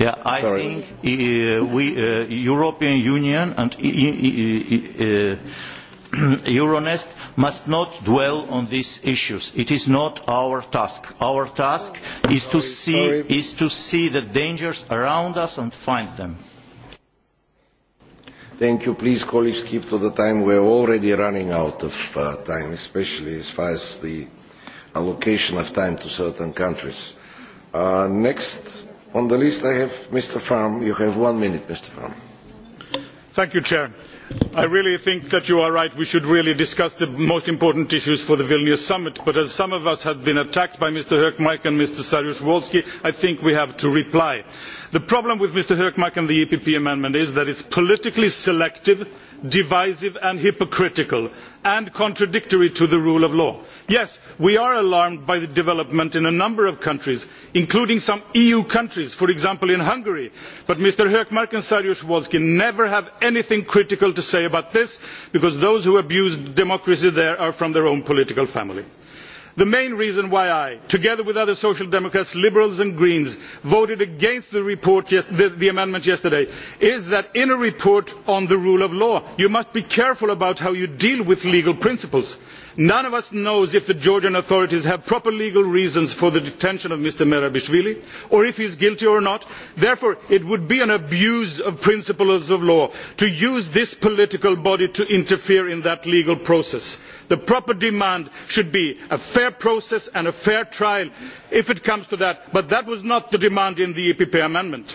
Q: Yeah, I Sorry. think uh, we, uh, European Union and e, e, e, uh, Euronest must not dwell on these issues. It is not our task. Our task is to see, Sorry. is to see the dangers around us and find them.
K: Thank you. Please, colleagues, keep to the time. We're already running out of uh, time, especially as far as the allocation of time to certain countries. Uh, next on the list i have mr farm you have one minute mr farm
E: thank you chair i really think that you are right we should really discuss the most important issues for the vilnius summit but as some of us have been attacked by mr hkmark and mr saryusz wolski i think we have to reply the problem with mr hkmark and the epp amendment is that it is politically selective and divisive and hypocritical and contradictory to the rule of law. yes we are alarmed by the development in a number of countries including some eu countries for example in hungary but mr hkmark and saryusz wolski never have anything critical to say about this because those who abuse democracy there are from their own political family the main reason why i together with other social democrats liberals and greens voted against the amendment yesterday is that in a report on the rule of law you must be careful about how you deal with legal principles none of us knows if the georgian authorities have proper legal reasons for the detention of mr merabishvili or if he is guilty or not. therefore it would be an abuse of principles of law to use this political body to interfere in that legal process. the proper demand should be a fair process and a fair trial if it comes to that but that was not the demand in the epp amendment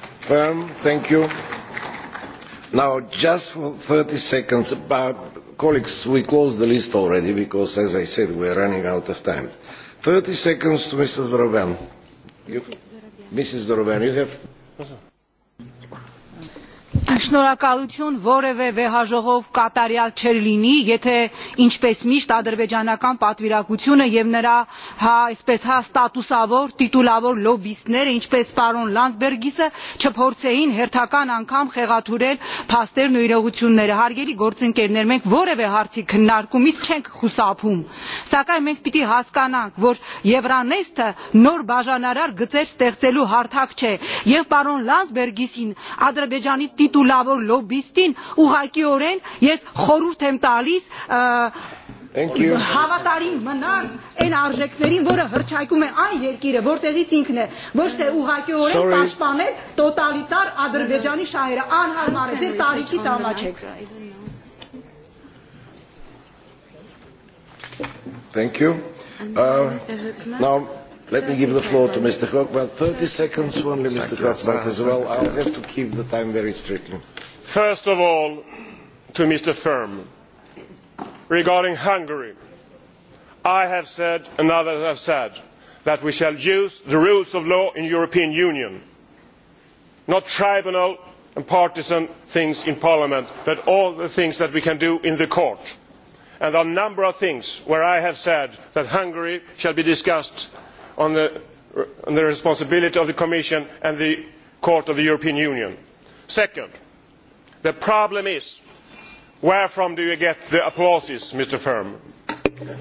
K: firm. Thank you. Now, just for 30 seconds, but colleagues, we closed the list already because, as I said, we are running out of time. 30 seconds to Mrs. Dorovan. You, Mrs. Dorovan, you have
I: շնորհակալություն որևէ վեհաժողով կատարյալ չէր լինի եթե ինչպես միշտ ադրբեջանական պատվիրակությունը և նրա այսպես հա ստատուսավոր տիտուլավոր լոբբիստները ինչպես պարոն լանdsբերգիսը չփորձեին հերթական անգամ խեղաթյուրել փաստերն ու իրողությունները հարգելի գործընկերներ մենք որևէ հարցի քննարկումից չենք խուսափում սակայն մենք պիտի հասկանանք որ euronest-ը նոր բաժանարար գծեր ստեղծելու հարթակ չէ և պարոն լանdsբերգիսին ադրբեջանի თუ լավոր լոբիստին ուղղակիորեն ես խորհուրդ եմ տալիս հավատարիմ մնալ այն արժեքներին, որը հրճայկում է այն երկիրը, որտեղից ինքն է, ոչ թե ուղղակիորեն պաշտպանել տոտալիտար Ադրբեջանի շահերը, անհարմար է, ձեր տարիքի ճանաչեք։
K: Thank you. Uh, now Let me give the floor to Mr. Kochman. 30 seconds only, Mr. Kochman, as well. I'll have to keep the time very strictly. First
H: of all, to Mr. Firm, regarding Hungary, I have said, and others have said, that we shall use the rules of law in the European Union, not tribunal and partisan things in Parliament, but all the things that we can do in the court. And there are a number of things where I have said that Hungary shall be discussed on the, on the responsibility of the commission and the court of the european union. second the problem is where from do you get the applause mr firm?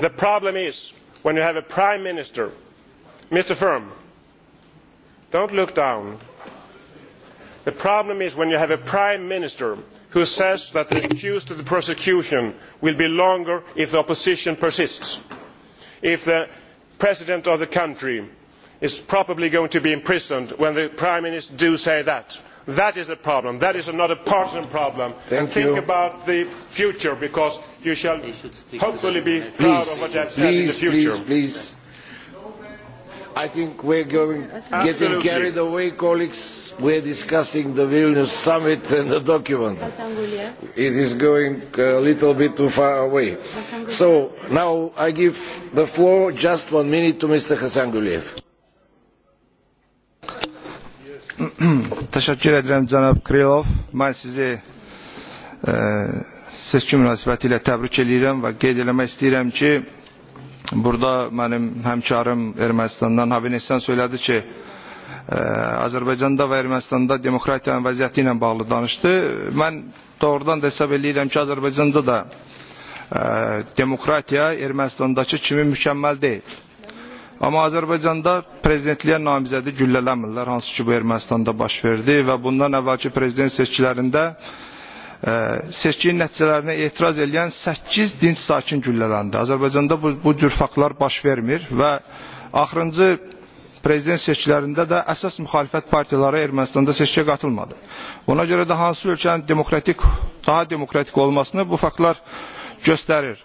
H: the problem is when you have a prime minister mr firm do not look down the problem is when you have a prime minister who says that the queues to the prosecution will be longer if the opposition persists if the president of the country is probably going to be imprisoned when the prime minister does say that. that is a problem. that is not a partisan problem. Thank think you. about the future because you shall hopefully be please, proud of what you have said in the future. Please,
K: please. I think we're going, Absolutely. getting carried away, colleagues. We're discussing the Vilnius summit and the document. It is going a little bit too far away. So now I give the floor just one minute to Mr. Hasangulev.
V: Teşekkür ederim Cənab Krylov. Mən sizi e, seçki münasibətilə təbrik edirəm və qeyd eləmək istəyirəm ki, Burada mənim həmkarım Ermənistandan Havinesen söylədi ki, e, Azərbaycanda və Ermənistanda demokratiyanın vəziyyəti ilə bağlı danışdı. Mən doğrudan da hesab eləyirəm ki, Azərbaycanda da e, demokratiya Ermənistandakı kimi mükəmməl deyil. Amma Azərbaycanda prezidentliyə namizədi güllələmirlər, hansı ki bu Ermənistanda baş verdi və bundan əvvəlki prezident seçkilərində seçkin nəticələrinə etiraz edən 8 dinc sakin güllələndi. Azərbaycanda bu, bu cür faktlar baş vermir və axırıncı prezident seçkilərində də əsas müxalifət partiyaları Ermənistanda seçkiyə qatılmadı. Ona görə də hansı ölkənin demokratik, daha demokratik olmasını bu faktlar göstərir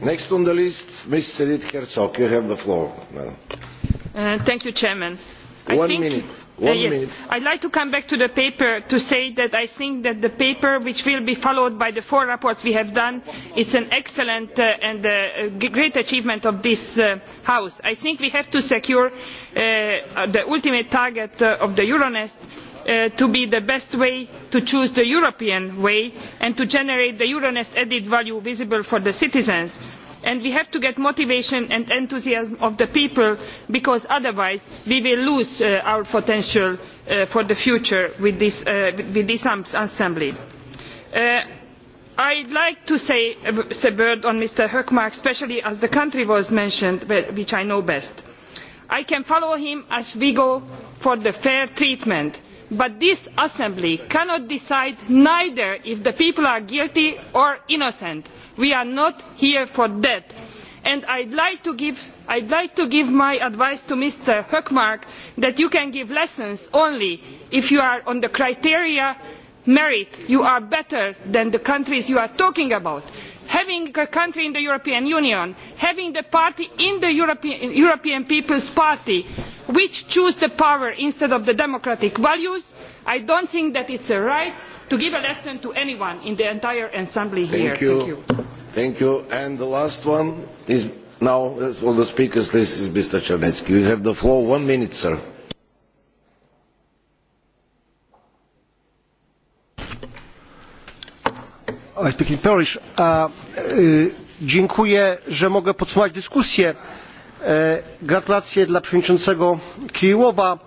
K: Next on the list, Ms. Edith Herzog. You have the floor, madam.
W: Uh, thank you, Chairman. I One think, minute. Uh, one uh, yes, minute. I'd like to come back to the paper to say that I think that the paper, which will be followed by the four reports we have done, it's an excellent uh, and uh, great achievement of this uh, House. I think we have to secure uh, the ultimate target uh, of the Euronest Uh, to be the best way to choose the european way and to generate the euronest added value visible for the citizens and we have to get motivation and enthusiasm of the people because otherwise we will lose uh, our potential uh, for the future with this, uh, with this assembly. Uh, i would like to say uh, a word on mr hkmark especially as the country was mentioned which i know best. i can follow him as we go for fair treatment but this assembly cannot decide either if the people are guilty or innocent. we are not here for that. i would like, like to give my advice to mr hkmark that you can give lessons only if you are on the criteria merit you are better than the countries you are talking about. having a country in the european union having the party in the european, european people's party which choose the power instead of the democratic values i do not think that it is right to give a lesson to anyone in the entire assembly here. Thank you.
K: Thank you. and the last one is now on the speakers list is mr czarnecki. you have the floor one minute sir.
X: I speak in Polish. Uh, dziękuję, że mogę podsumować dyskusję E, gratulacje dla przewodniczącego kiryłowa. E,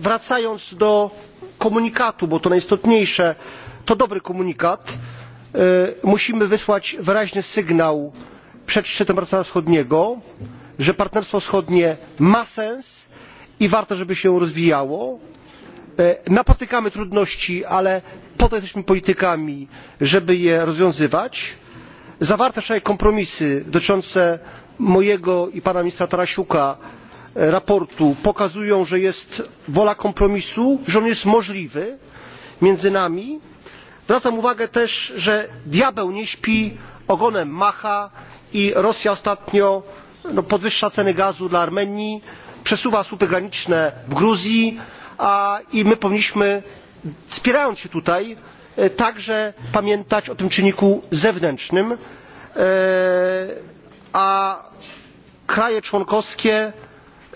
X: wracając do komunikatu bo to najistotniejsze to dobry komunikat. E, musimy wysłać wyraźny sygnał przed szczytem partnerstwa wschodniego że partnerstwo wschodnie ma sens i warto żeby się rozwijało. napotykamy trudności ale po to jesteśmy politykami żeby je rozwiązywać. zawarte wczoraj kompromisy dotyczące mojego i pana ministra tarasiuka sprawozdania e, pokazują że jest wola kompromisu że on jest możliwy między nami. zwracam uwagę też że diabeł nie śpi ogonem macha i rosja ostatnio no, podwyższa ceny gazu dla armenii przesuwa słupy graniczne w gruzji a, i my powinniśmy spierając się tutaj e, także pamiętać o tym czynniku zewnętrznym. E, a kraje członkowskie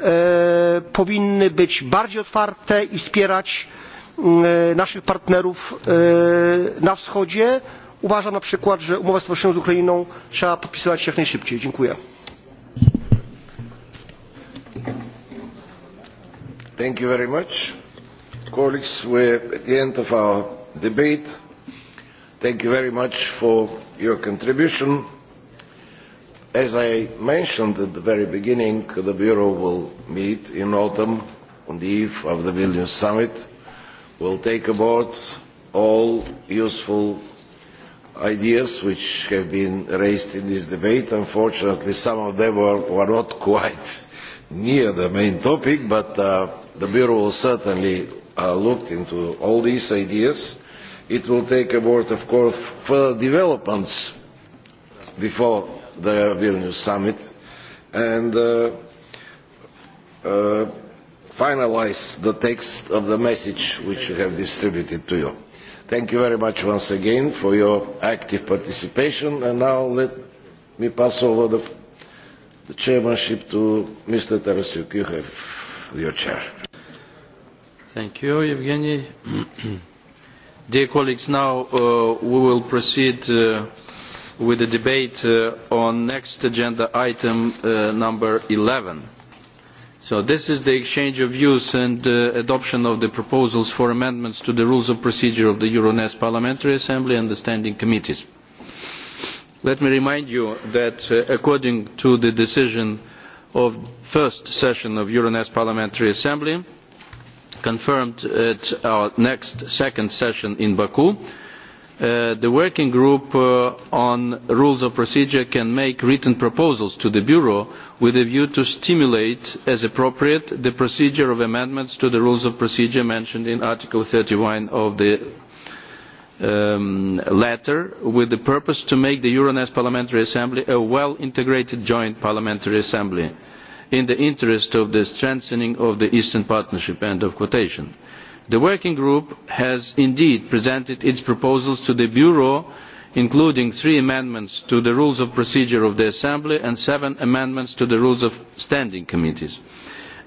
X: e, powinny być bardziej otwarte i wspierać e, naszych partnerów e, na wschodzie. uważam na przykład że umowę stowarzyszeniową z ukrainą trzeba podpisywać jak najszybciej. dziękuję.
K: thank you very much. colleagues we are at the end of our debate. thank you very much for your contribution As I mentioned at the very beginning, the Bureau will meet in autumn on the eve of the Vilnius Summit. We'll take aboard all useful ideas which have been raised in this debate. Unfortunately, some of them were, were not quite near the main topic, but uh, the Bureau will certainly uh, look into all these ideas. It will take aboard, of course, further developments before the Vilnius summit and uh, uh, finalize the text of the message which you have distributed to you. Thank you very much once again for your active participation and now let me pass over the, the chairmanship to Mr. Tarasuk. You have your chair.
A: Thank you, Evgeny. Dear colleagues, now uh, we will proceed uh, with the debate uh, on next agenda item uh, number 11. So this is the exchange of views and uh, adoption of the proposals for amendments to the rules of procedure of the Euronest Parliamentary Assembly and the standing committees. Let me remind you that uh, according to the decision of first session of Euronest Parliamentary Assembly, confirmed at our next second session in Baku, Uh, the working group uh, on rules of procedure can make written proposals to the bureau with a view to stimulate as appropriate the procedure of amendments to the rules of procedure mentioned in article 31 of the um, letter with the purpose to make the euronest parliamentary assembly a well integrated joint parliamentary assembly in the interest of the strengthening of the eastern partnership end of quotation the working group has indeed presented its proposals to the bureau including three amendments to the rules of procedure of the assembly and seven amendments to the rules of standing committees.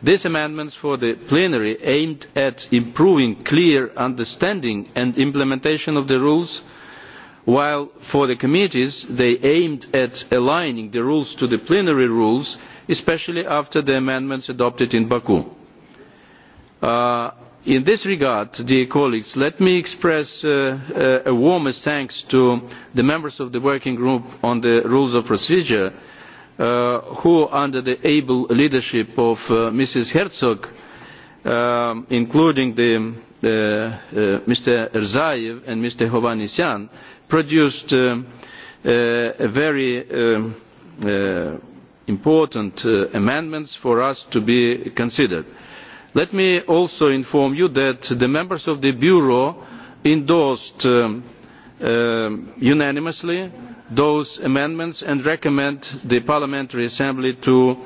A: these amendments for the plenary aimed at improving clear understanding and implementation of the rules while for the committees they aimed at aligning the rules to the plenary rules especially after the amendments adopted in baku. Uh, in this regard let me express uh, uh, warmest thanks to the members of the working group on the rules of procedure uh, who under the able leadership of uh, mrs herczog um, including the, uh, uh, mr erzaev and mr hovhannisyan produced um, very um, important amendments for us to be considered. Let me also inform you that the members of the Bureau endorsed um, um, unanimously those amendments and recommend the Parliamentary Assembly to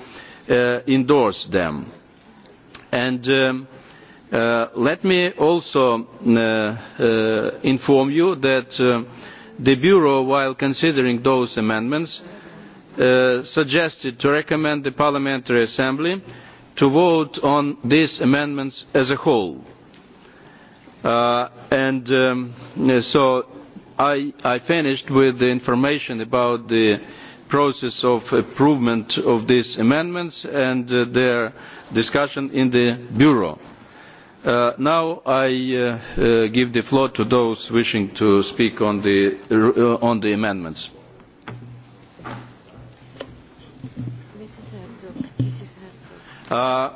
A: uh, endorse them. And um, uh, let me also uh, uh, inform you that uh, the Bureau, while considering those amendments, uh, suggested to recommend the Parliamentary Assembly to vote on these amendments as a whole. Uh, and um, so I, I finished with the information about the process of improvement of these amendments and uh, their discussion in the Bureau. Uh, now I uh, uh, give the floor to those wishing to speak on the, uh, on the amendments. Uh,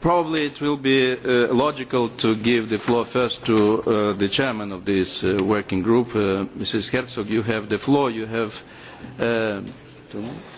A: probably it will be uh, logical to give the floor first to uh, the chairman of this uh, working group, uh, Mrs. Herzog. You have the floor. You have. Uh, two minutes?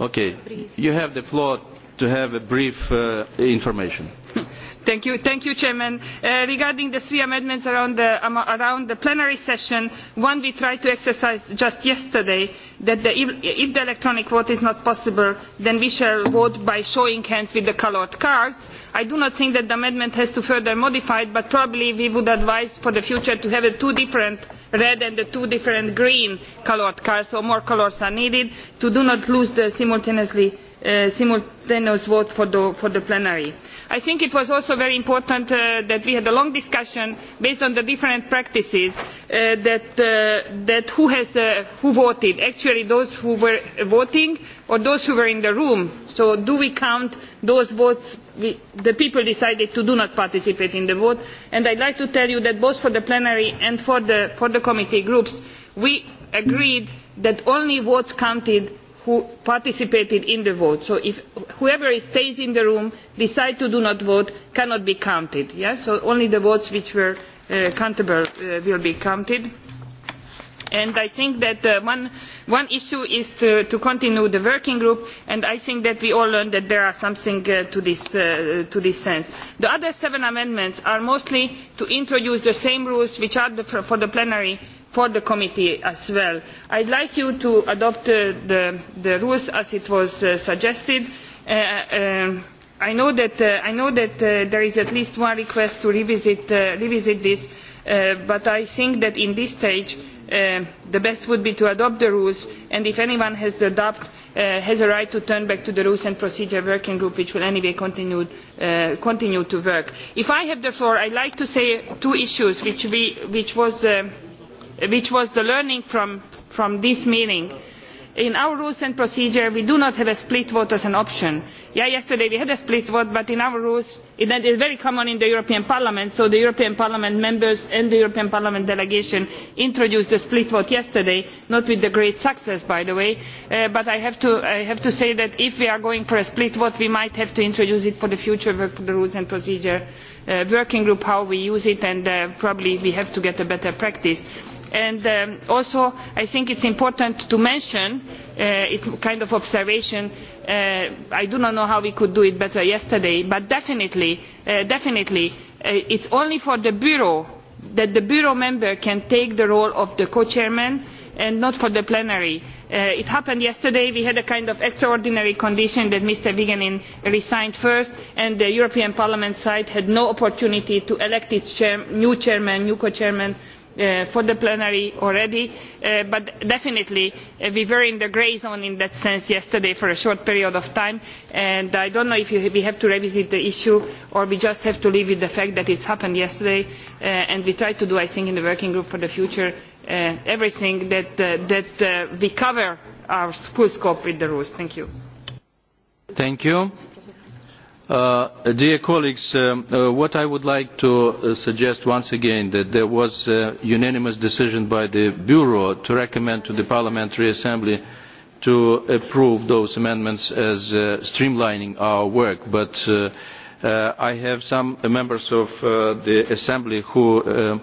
A: Okay, you have the floor to have a brief uh, information.
W: Thank you, thank you Chairman. Uh, regarding the three amendments around the, um, around the plenary session, one we tried to exercise just yesterday, that the, if, if the electronic vote is not possible, then we shall vote by showing hands with the coloured cards. I do not think that the amendment has to further modify it, but probably we would advise for the future to have two different red and the two different green coloured cards, so more colours are needed, to do not lose the simultaneously Uh, simultaneous vote for the, for the plenary. i think it was also very important uh, that we had a long discussion based on the different practices uh, that, uh, that who, has, who voted actually those who were voting or those who were in the room so do we count those votes we, the people decided to not participate in the vote and i would like to tell you that both for the plenary and for the, for the committee groups we agreed that only votes counted who participated in the vote so if whoever stays in the room decides to not vote cannot be counted yeah? so only the votes which were uh, countable uh, will be counted and i think that uh, one, one issue is to, to continue the working group and i think that we all learned that there is something uh, to, this, uh, to this sense. the other seven amendments are mostly to introduce the same rules which are the, for the plenary for the committee as well. i would like you to adopt uh, the, the rules as was uh, suggested. Uh, uh i know that, uh, I know that uh, there is at least one request to revisit, revisit this but i think that at this stage the best would be to adopt the rules and if anyone has the doubt has a right to turn back to the rules and procedure working group which will anyway continue, continue to work. if i have the floor i would like to say two issues which, we, which was which was the learning from, from this meeting in our rules and procedure we do not have a split vote as an option. yes yesterday we had a split vote but in our rules it is very common in the european parliament so the european parliament members and the european parliament delegation introduced the split vote yesterday not with great success by the way uh, but I have, to, i have to say that if we are going for a split vote we might have to introduce it for the future work for the rules and procedure uh, working group how we use it and uh, probably we have to get a better practice and um, also i think it is important to mention uh, it is a kind of observation uh, i do not know how we could do it better yesterday but definitely, uh, definitely uh, it is only for the bureau that the bureau member can take the role of the co chair and not for the plenary. Uh, it happened yesterday we had a kind of extraordinary condition that mr vigenin resigned first and the european parliament side had no opportunity to elect its chair, new chairman new co chairman uh, for the plenary already uh, but definitely uh, we were in the grey zone in that sense yesterday for a short period of time and i do not know if you, we have to revisit the issue or we just have to live with the fact that it happened yesterday uh, and we try to do i think in the working group for the future uh, everything that, that we cover our full scope with the rules. thank you.
Q: Thank
A: you. Uh, dear colleagues, um, uh, what I would like to uh, suggest once again that there was a unanimous decision by the Bureau to recommend to the Parliamentary Assembly to approve those amendments as uh, streamlining our work. But uh, uh, I have some members of uh, the Assembly who uh,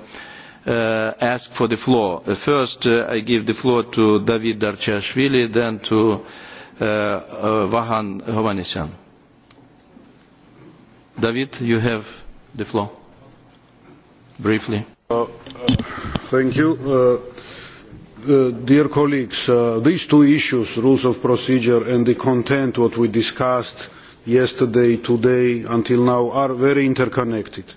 A: uh, ask for the floor. First, uh, I give the floor to David Darchashvili, then to uh, uh, Vahan Hovanesyan. David, you have the floor. Briefly.
T: Uh, uh, thank you. Uh, Uh, dear colleagues, uh, these two issues, rules of procedure and the content, what we discussed yesterday, today, until now, are very interconnected. Uh,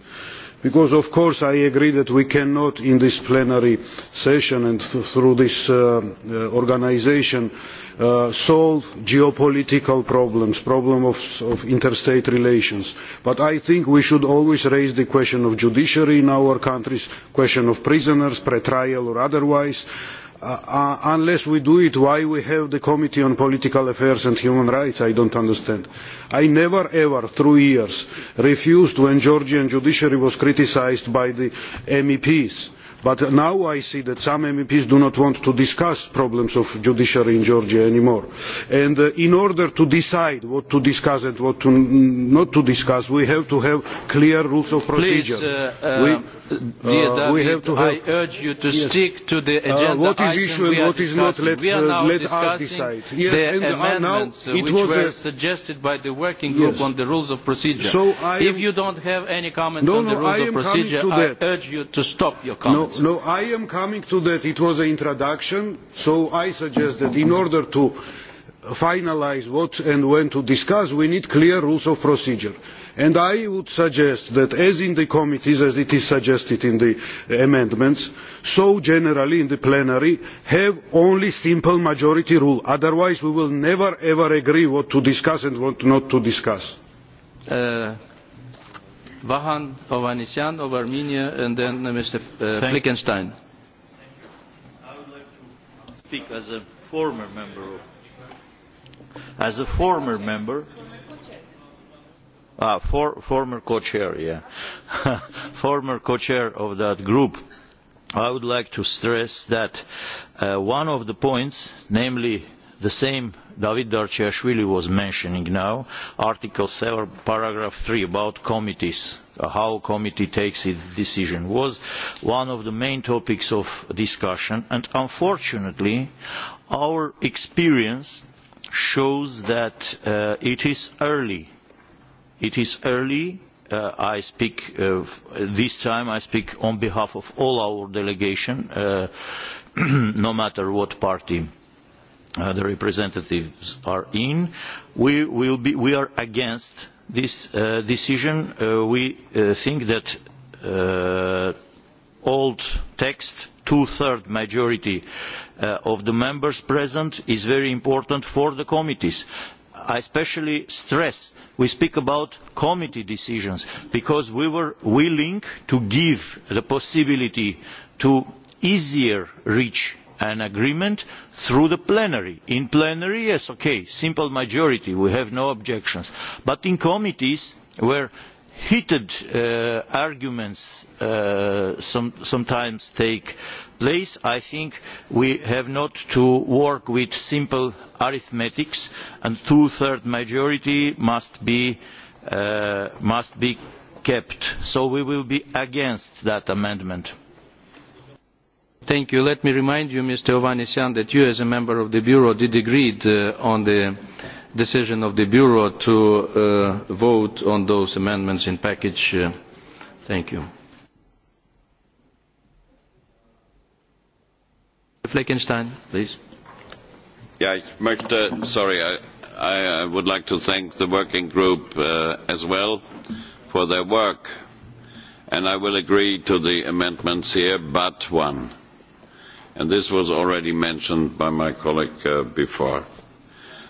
T: because of course i agree that we cannot in this plenary session and th through this uh, uh organisation uh, solve geopolitical problems problems of, of interstate relations but i think we should always raise the question of the judiciary in our countries the question of prisoners pre trial or otherwise and Uh, uh, unless we do it why we have the committee on political affairs and human rights i don't understand i never ever through years refused when georgian judiciary was criticized by the meps but now i see that some meps do not want to discuss problems of the judiciary in georgia any more. And, uh, in order to decide what to discuss and what to not to discuss we have to have clear rules of procedure. Please, uh, we, um, uh, dear David, we have to have, I urge
A: you to yes. stick to the uh, agenda. Uh, what is issue and what is not, let, uh, let us decide. Yes, the and uh, amendments now it which was were a... suggested by the working group yes. on the rules of procedure. So I am... If you don't have any comments no, on the rules no, of procedure, I urge you to stop your comments. No,
T: thoughts? No, I am coming to that. It was an introduction, so I suggest that in order to finalise what and when to discuss, we need clear rules of procedure. And I would suggest that as in the committees, as it is suggested in the amendments, so generally in the plenary, have only simple majority rule. Otherwise we will never ever agree what to discuss and what not to discuss.
A: Uh Vahan Ovanisyan of Armenia, and then uh, Mr. Uh, Thank
T: Flickenstein.
Q: I would like to speak as a former member. Of, as a former member. Ah, for, former co-chair, yeah. former co-chair of that group. I would like to stress that uh, one of the points, namely the same David Darciashvili was mentioning now, Article 7, paragraph 3 about committees, uh, how committee takes its decision, was one of the main topics of discussion. And unfortunately, our experience shows that uh, it is early. It is early uh, I speak uh, this time I speak on behalf of all our delegation uh, no matter what party uh, the representatives are in. We, will be, we are against this uh, decision. Uh, we uh, think that uh, old text, two-thirds majority uh, of the members present is very important for the committees. I especially stress we speak about committee decisions because we were willing to give the possibility to easier reach an agreement through the plenary. in plenary yes ok simple majority we have no objections but in committees where heated uh, arguments uh, some, sometimes take place i think we have not to work with simple arithmetic and a two thirds majority must be, uh, must be kept so we will be against that amendment. Thank you. Let me remind you, Mr. Ovanesyan, that
A: you as a member of the Bureau did agree uh, on the decision of the Bureau to uh, vote on those amendments in package. Uh, thank you. Fleckenstein,
R: please. Ja, ich möchte, sorry, I, I would like to thank the working group uh, as well for their work. And I will agree to the amendments here, but one and this was already mentioned by my colleague uh, before.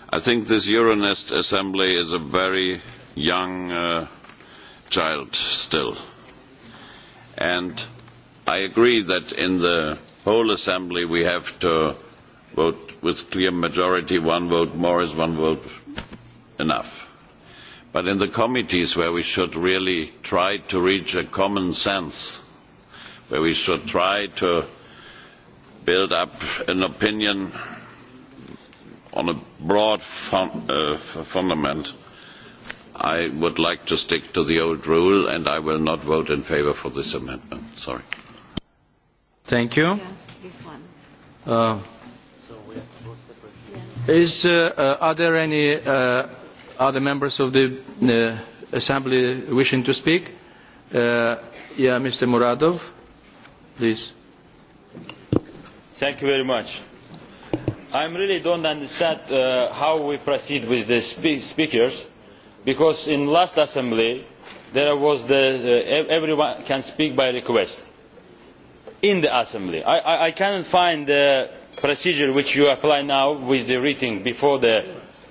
R: I think this Euronest assembly is a very young uh, child still. And I agree that in the whole assembly we have to vote with clear majority, one vote more is one vote enough. But in the committees where we should really try to reach a common sense, where we should try to build up an opinion on a broad fun, uh, fundament, I would like to stick to the old rule and I will not vote in favor for this amendment. Sorry.
A: Thank you.
I: Yes, this one.
A: Uh, so we have to vote separately. Is, uh, uh, are there any uh, other members of the uh, Assembly wishing to speak? Uh, yeah, Mr.
D: Muradov, please. Thank you very much. I really don't understand uh, how we proceed with the spe speakers, because in last assembly there was the uh, everyone can speak by request in the assembly. I, I, I can't find the procedure which you apply now with the reading before the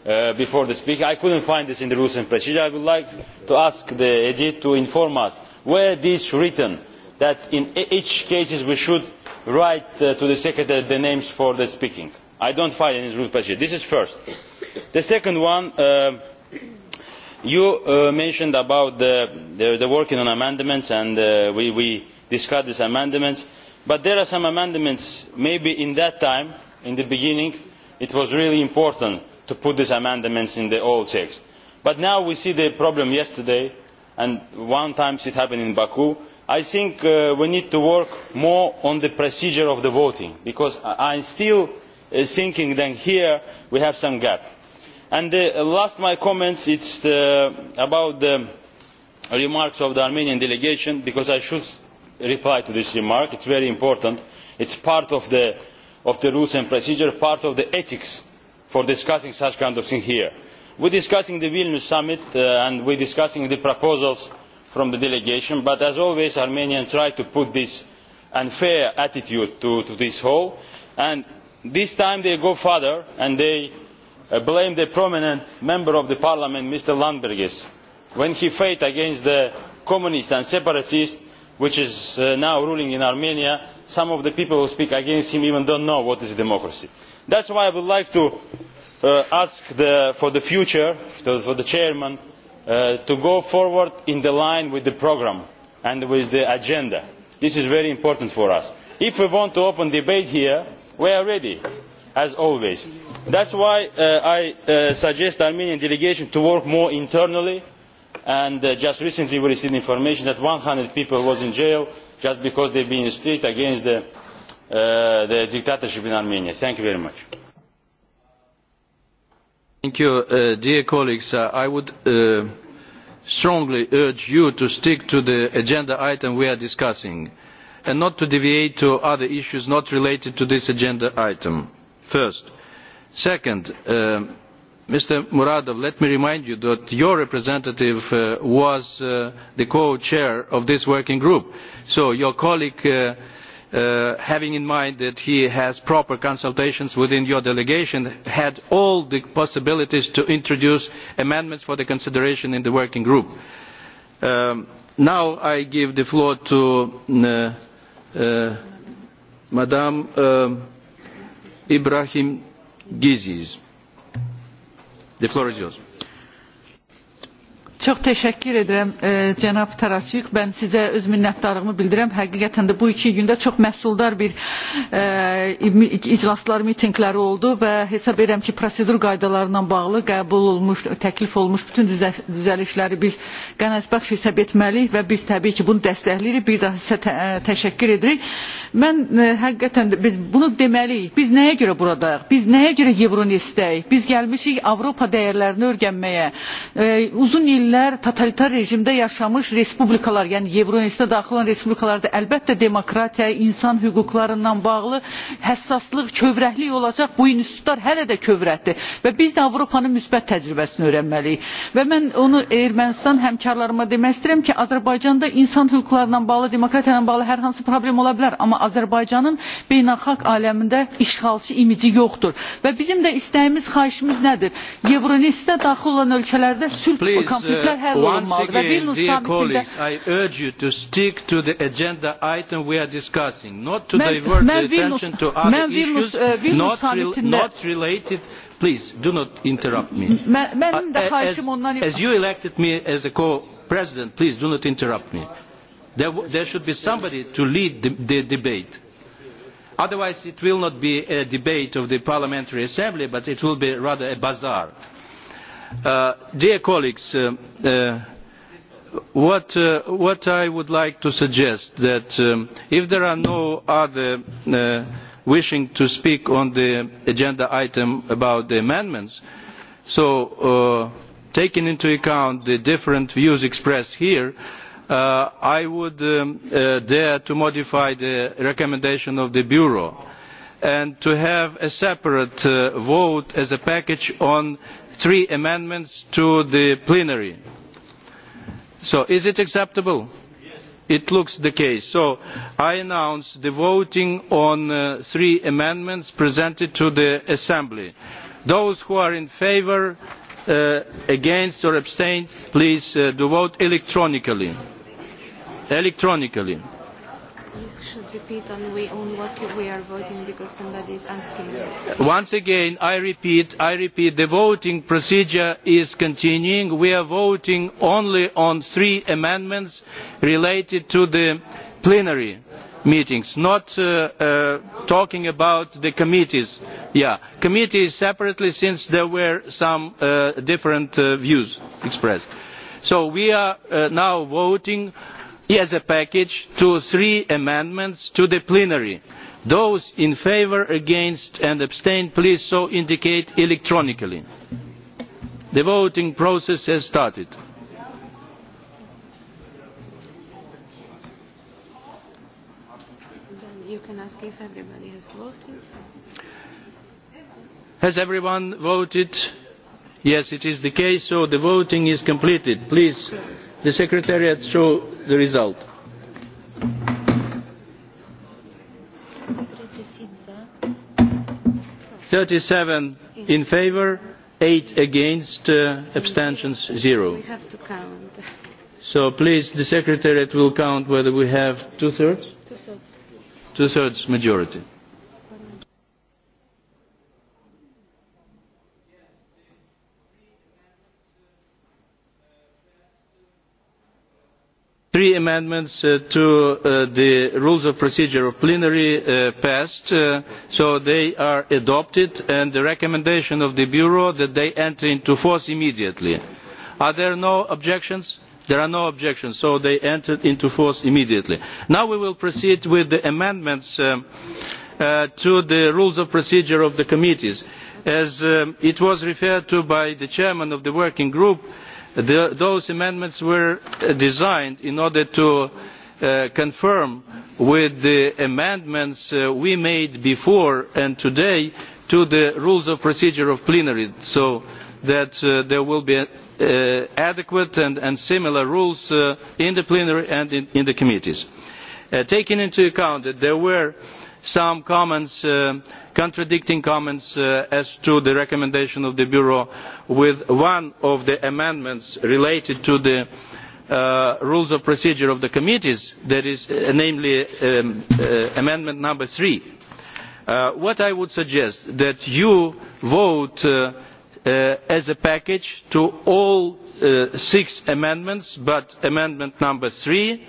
D: uh, before the speaker. I couldn't find this in the rules and procedure. I would like to ask the edit to inform us where this written that in e-, each cases we should write uh, to the secretary uh, the names for the speaking. I don't find any rule procedure. This is first. The second one, uh, you uh, mentioned about the, the, the working on amendments and uh, we, we discussed these amendments, but there are some amendments maybe in that time, in the beginning, it was really important to put these amendments in the old text. But now we see the problem yesterday, and one time it happened in Baku, i think uh, we need to work more on the procedure of the voting because i still uh, think that here we have some gaps. Uh, lastly my comments are about the remarks of the armenian delegation because i should reply to this remark it is very important it is part of the rules and procedure part of the ethics for discussing such kind of things here. we are discussing the vilnius summit and we are discussing the proposals from the delegation but as always armenia tried to put this unfair attitude to, to this whole and this time they go further and they uh, blame the prominent member of the parliament mr landsbergis when he fought against the communist and separatist which is uh, now ruling in armenia some of the people who speak against him even don't know what is democracy that's why i would like to uh, ask the, for the future to, for the chairman uh, to go forward in line with the programme and with the agenda. this is very important for us. if we want to open debate here we are ready as always. that is why uh, i uh, suggest the armenian delegation to work more internally and uh, just recently we received information that one hundred people were in jail just because they have been in the street against the, uh, the dictatorship in armenia. thank you very much.
A: Thank you, uh, dear colleagues. Uh, I would uh, strongly urge you to stick to the agenda item we are discussing and not to deviate to other issues not related to this agenda item. First. Second, uh, Mr. Muradov, let me remind you that your representative uh, was uh, the co-chair of this working group. So your colleague uh, uh, having in mind that he has proper consultations within your delegation, had all the possibilities to introduce amendments for the consideration in the working group. Um, now I give the floor to uh, uh, Madame uh, Ibrahim Gizis. The floor is yours.
I: Çox təşəkkür edirəm e, cənab Tarasyuk. Mən sizə öz minnətdarlığımı bildirəm. Həqiqətən də bu iki gündə çox məhsuldar bir e, iclaslar, mitinqləri oldu və hesab edirəm ki, prosedur qaydalarla bağlı qəbul olmuş, təklif olmuş bütün düzə, düzəlişləri biz qənaətbəxş hesab etməliyik və biz təbii ki, bunu dəstəkləyirik. Bir daha sizə tə, ə, e, təşəkkür edirik. Mən e, həqiqətən də biz bunu deməliyik. Biz nəyə görə buradayıq? Biz nəyə görə Euronestdəyik? Biz gəlmişik Avropa dəyərlərini öyrənməyə. E, uzun illər ermeniler totalitar rejimde yaşamış respublikalar yani Yevroinstitutə daxil olan respublikalarda əlbəttə demokratiya, insan hüquqlarından bağlı həssaslıq, kövrəklik olacaq. Bu institutlar hələ də kövrətdir və biz də Avropanın müsbət təcrübəsini öyrənməliyik. Və mən onu Ermənistan həmkarlarıma demək istəyirəm ki, Azərbaycanda insan hüquqlarla bağlı, demokratiya ilə bağlı hər hansı problem ola bilər, amma Azərbaycanın beynəlxalq aləmində işğalçı imici yoxdur. Və bizim də istəyimiz, xahişimiz nədir? Yevroinstitutə daxil olan ölkələrdə sülh Please,
A: konflikt Uh, once again, dear colleagues, da... I urge you to stick to the agenda item we are discussing, not to men, divert men the Vilnus, attention to other Vilnus, issues uh, Vilnus not, re not related. Please, do not interrupt me.
I: Men, men de as, as you
A: elected me as a co-president, please do not interrupt me. There, there should be somebody to lead the, the debate otherwise it will not be a debate of the parliamentary assembly but it will be rather a bazaar. Uh, dear colleagues, uh, uh, what, uh, what I would like to suggest that um, if there are no other uh, wishing to speak on the agenda item about the amendments, so uh, taking into account the different views expressed here, uh, I would um, uh, dare to modify the recommendation of the Bureau and to have a separate uh, vote as a package on three amendments to the plenary. So is it acceptable? Yes. It looks the case. So I announce the voting on uh, three amendments presented to the Assembly. Those who are in favour, uh, against or abstain, please uh, do vote electronically. Electronically.
W: You should repeat on, we, on what you, we are voting because somebody is asking. Yeah.
A: Once again, I repeat, I repeat, the voting procedure is continuing. We are voting only on three amendments related to the plenary meetings, not uh, uh, talking about the committees. Yeah, committees separately since there were some uh, different uh, views expressed. So we are uh, now voting as a package to three amendments to the plenary. those in favour against and abstain please so indicate electronically. the voting process has started. has everyone voted? yes it is the case so the voting is completed. please the secretariat show the result. thirty seven in favour eight against uh, abstentions zero. so please the secretariat will count whether we have two thirds two thirds majority. three amendments uh, to uh, the rules of procedure of plenary uh, passed uh, so they are adopted and the recommendation of the bureau that they enter into force immediately are there no objections there are no objections so they entered into force immediately now we will proceed with the amendments um, uh, to the rules of procedure of the committees as um, it was referred to by the chairman of the working group uh, The, those amendments were designed in order to uh, confirm with the amendments uh, we made before and today to the rules of procedure of plenary so that uh, there will be uh, adequate and, and similar rules uh, in the plenary and in, in the committees. Uh, taking into account that there were some comments, uh, contradicting comments uh, as to the recommendation of the Bureau with one of the amendments related to the uh, rules of procedure of the committees, that is, uh, namely um, uh, amendment number three. Uh, what I would suggest that you vote uh, uh, as a package to all uh, six amendments, but amendment number three, uh,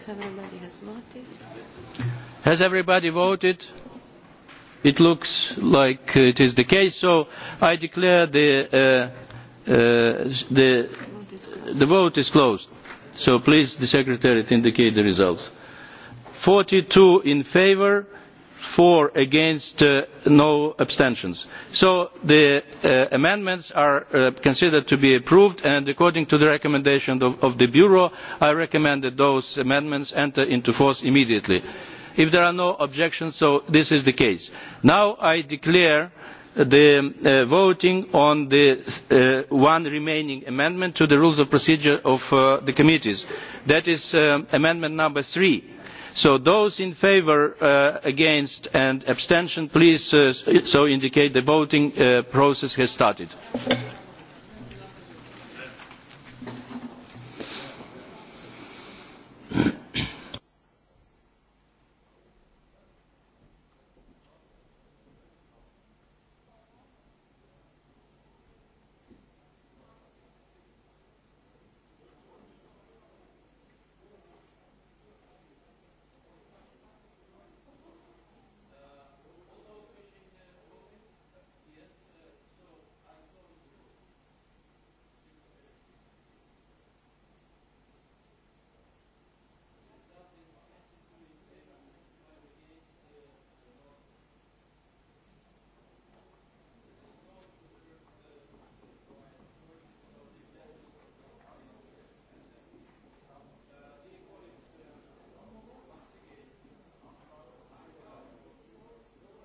S: if everybody has voted.
A: Has everybody voted? It looks like it is the case, so I declare the, uh, uh, the, the vote is closed. So please, the Secretariat, indicate the results. 42 in favour, four against uh, no abstentions so the uh, amendments are uh, considered to be approved and according to the recommendation of, of the bureau i recommend that those amendments enter into force immediately. if there are no objections so this is the case. now i declare the uh, voting on the uh, one remaining amendment to the rules of procedure of uh, the committees that is um, amendment number three so those in favour uh, against and abstention please uh, so indicate the voting uh, process has started.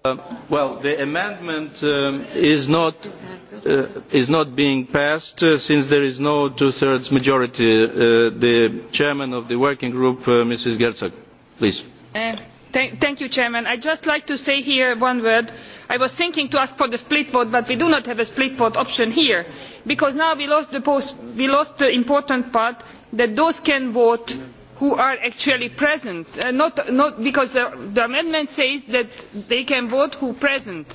A: Uh, well, the amendment um, is, not, uh, is not being passed uh, since there is no two-thirds majority. Uh, the chairman of the working group, uh, Mrs. Gerzog, please.
W: Uh, th thank you, chairman. I'd just like to say here one word. I was thinking to ask for the split vote, but we do not have a split vote option here, because now we lost the, post, we lost the important part that those can vote who are actually present uh, not, not because the, the amendment says that they can vote who are present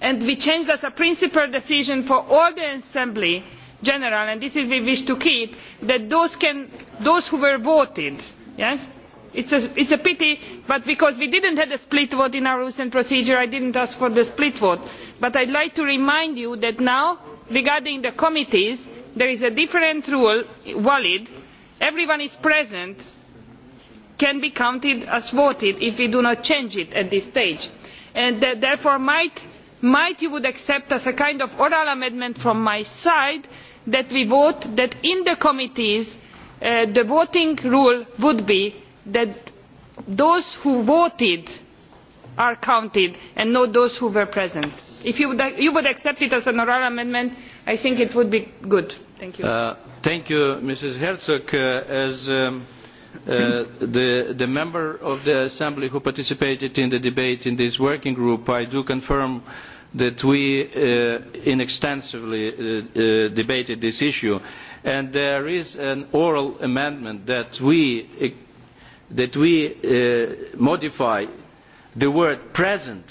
W: and we changed as a principle decision for all the assembly general and this is what we wish to keep that those, can, those who were voted yes it is a pity but because we did not have a split vote in our rules and procedure i did not ask for the split vote but i would like to remind you that now regarding the committees there is a different rule valid everyone is present can be counted as voted if we do not change it at this stage and that uh, therefore might, might you would accept as a kind of oral amendment from my side that we vote that in the committees uh, the voting rule would be that those who voted are counted and not those who were present. if you would, you would accept it as an oral amendment i think it would be good. thank you.
A: Uh, thank you mrs herczog. Uh, as um Uh, the, the member of the assembly who participated in the debate in this working group, I do confirm that we uh, inextensively uh, uh, debated this issue. And there is an oral amendment that we, uh, that we uh, modify the word present,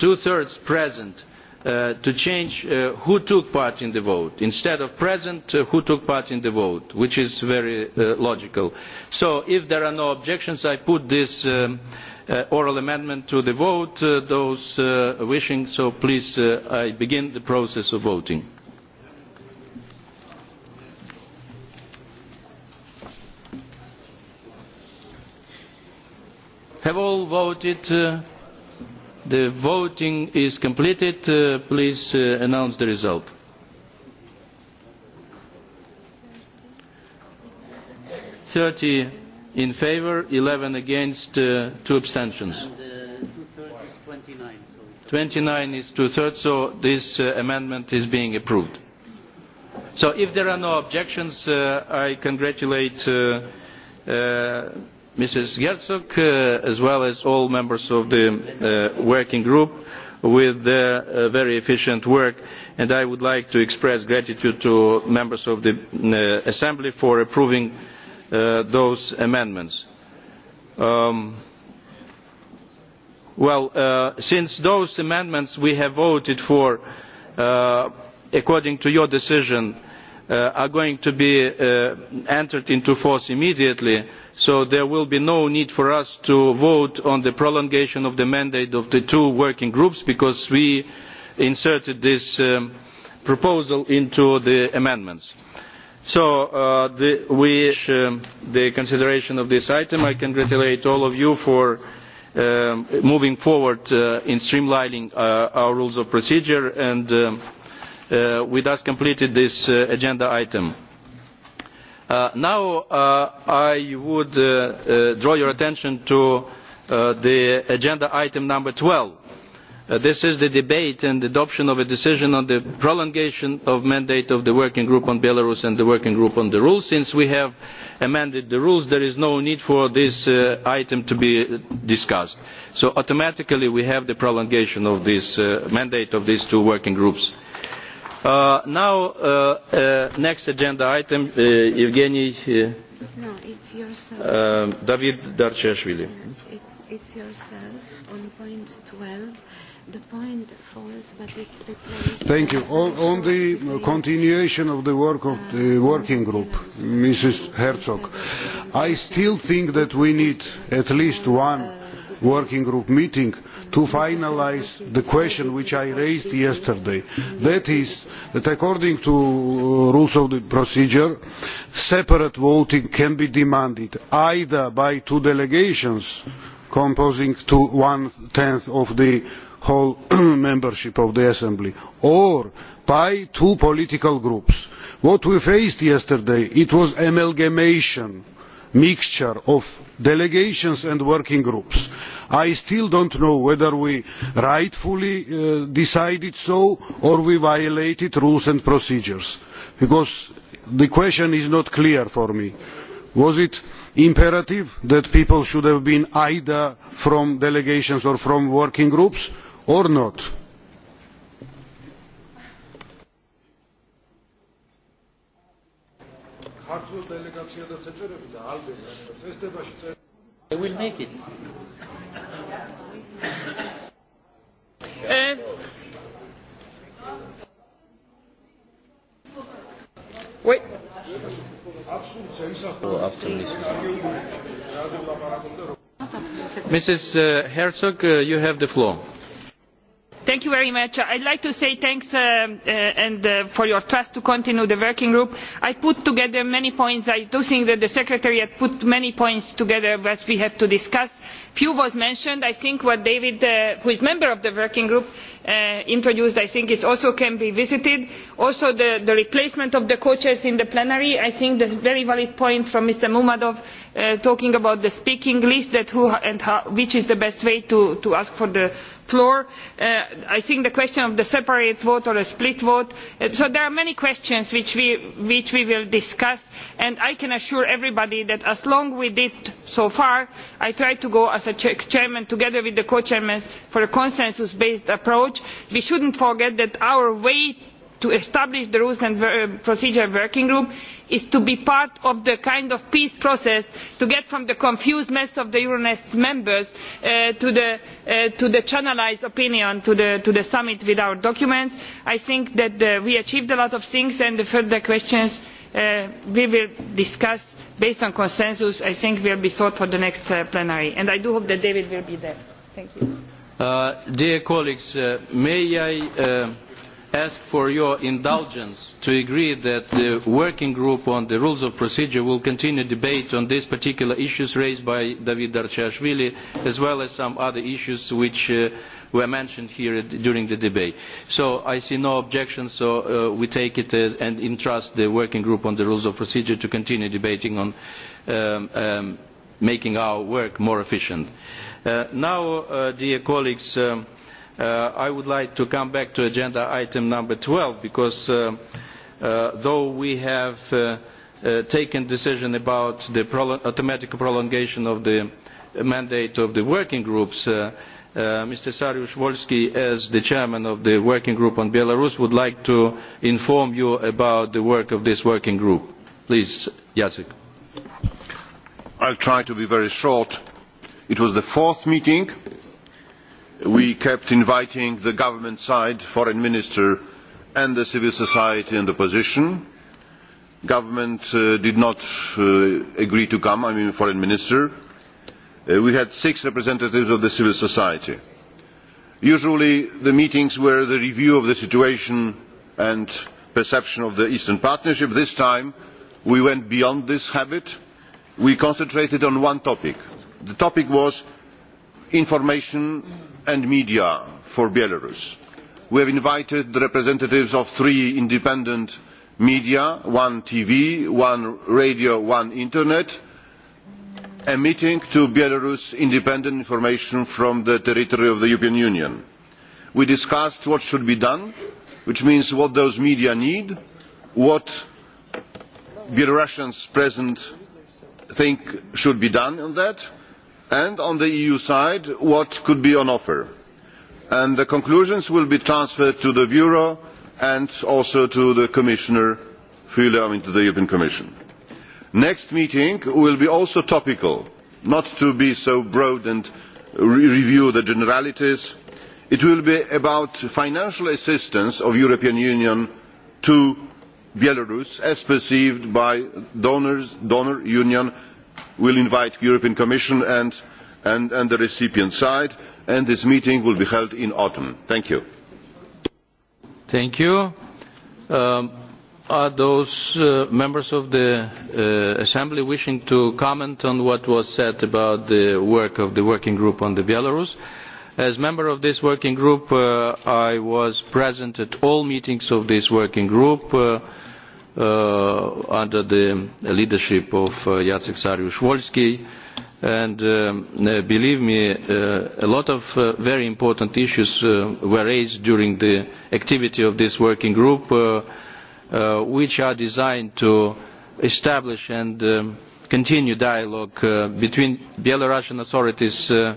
A: two-thirds present, Uh, to change uh, who took part in the vote instead of present uh, who took part in the vote which is very uh, logical. so if there are no objections i put this um, uh, oral amendment to the vote. Uh, those wishing so please i begin the process of voting. have all voted? The voting is completed. Uh, please uh, announce the result. Thirty in favour, eleven against, uh, two abstentions. And, uh, two-thirds is 29. So 29 is two-thirds, so this uh, amendment is being approved. So if there are no objections, uh, I congratulate uh, uh, Mrs. Herzog, uh, as well as all members of the uh, working group, with their uh, very efficient work. And I would like to express gratitude to members of the uh, Assembly for approving uh, those amendments. Um, well, uh, since those amendments we have voted for, uh, according to your decision, uh, uh, are going to be uh, entered into force immediately so there will be no need for us to vote on the prolongation of the mandate of the two working groups because we inserted this um, proposal into the amendments. So uh, the, we wish um, the consideration of this item. I congratulate all of you for um, moving forward uh, in streamlining uh, our rules of procedure and um, Uh, we thus completed this uh, agenda item. Uh, now uh, I would uh, uh, draw your attention to uh, the agenda item number 12. Uh, this is the debate and adoption of a decision on the prolongation of mandate of the working group on Belarus and the working group on the rules. Since we have amended the rules, there is no need for this uh, item to be discussed. So automatically we have the prolongation of this uh, mandate of these two working groups Uh, now, uh, uh, next agenda item, uh, Evgeny uh,
W: no, it's yourself.
A: Uh, David Darcheshvili. Yeah,
W: it, it's yourself on point 12. The point falls, but it's replaced.
T: Thank you. On, on the continuation of the work of the uh, working group, Mrs. Herzog, I still think that we need at least one working group meeting to finalise the question which I raised yesterday. That is, that according to uh, rules of the procedure, separate voting can be demanded either by two delegations composing to one-tenth of the whole membership of the assembly or by two political groups. what we faced yesterday was an amalgamation a mixture of delegations and working groups i still do not know whether we rightfully uh, decided so or we violated rules and procedures because the question is not clear for me. was it imperative that people should have been either from delegations or from working groups or not? ქართულ დელეგაციადაც ეწერებოდა ალბერტს წესდებაში წერდა I will make it. And eh? Wait. Oh, after Mrs.
A: Mrs. Herzog, uh, you have the floor
W: thank you very much. i would like to say thanks uh, uh, and, uh, for your trust to continue the working group. i put together many points. i do think that the secretariat put many points together that we have to discuss few was mentioned i think what david uh, who is a member of the working group uh, introduced i think it also can be visited also the, the replacement of the co chairs in the plenary i think the very valid point from mr mammadov uh, talking about the speaking list that who and how, which is the best way to, to ask for the floor uh, i think the question of the separate vote or a split vote uh, so there are many questions which we, which we will discuss and i can assure everybody that as long as we did so far i tried to go as a chairman together with the co chairmen for a consensus based approach we should not forget that our way to establish the rules and uh, procedure working group is to be part of the kind of peace process to get from the confused mess of the euronest members uh, to the, uh, the channelised opinion to the, to the summit with our documents. i think that uh, we achieved a lot of things and the further questions uh, we will discuss based on consensus i think will be sought for the next uh, plenary and i do hope that david will be there. thank
A: you. Uh, dear colleagues uh, may i uh, ask for your indulgence to agree that the working group on the rules of procedure will continue debate on these particular issues raised by david darchashvili as well as some other issues which uh, were mentioned here during the debate. So I see no objection, so uh, we take it as, and entrust the working group on the rules of procedure to continue debating on um, um, making our work more efficient. Uh, now, uh, dear colleagues, um, uh, I would like to come back to agenda item number 12 because uh, uh, though we have uh, uh, taken decision about the prolong automatic prolongation of the mandate of the working groups, uh, Uh, Mr. Saryusz Wolski, as the chairman of the working group on Belarus, would like to inform you
N: about the work of this working group. Please, Jacek. I'll try to be very short. It was the fourth meeting. We kept inviting the government side, foreign minister, and the civil society and the opposition. Government uh, did not uh, agree to come, I mean foreign minister Uh, we had six representatives of civil society. usually the meetings were the review of the situation and perception of the eastern partnership. this time we went beyond this habit. we concentrated on one topic. the topic was information and media for belarus. we have invited the representatives of three independent media one tv one radio one internet a meeting to belarus independent information from the territory of the european union. we discussed what should be done which means what those media need what belarusians present think should be done on that and on the eu side what could be on offer. And the conclusions will be transferred to the bureau and also to the commissioner fle i mean to the european commission next meeting will be also topical not to be so broad and re review the generalities it will be about financial assistance of the european union to belarus as perceived by donors. the donor union will invite the european commission and, and, and the recipient side and this meeting will be held in autumn. thank you.
A: Thank you. Um are those uh, members of the uh, Assembly wishing to comment on what was said about the work of the working group on the Belarus? As member of this working group, uh, I was present at all meetings of this working group uh, uh, under the leadership of uh, Jacek Sariusz-Wolski. And um, uh, believe me, uh, a lot of uh, very important issues uh, were raised during the activity of this working group. Uh, uh, which are designed to establish and um, continue dialogue uh, between Belarusian authorities uh,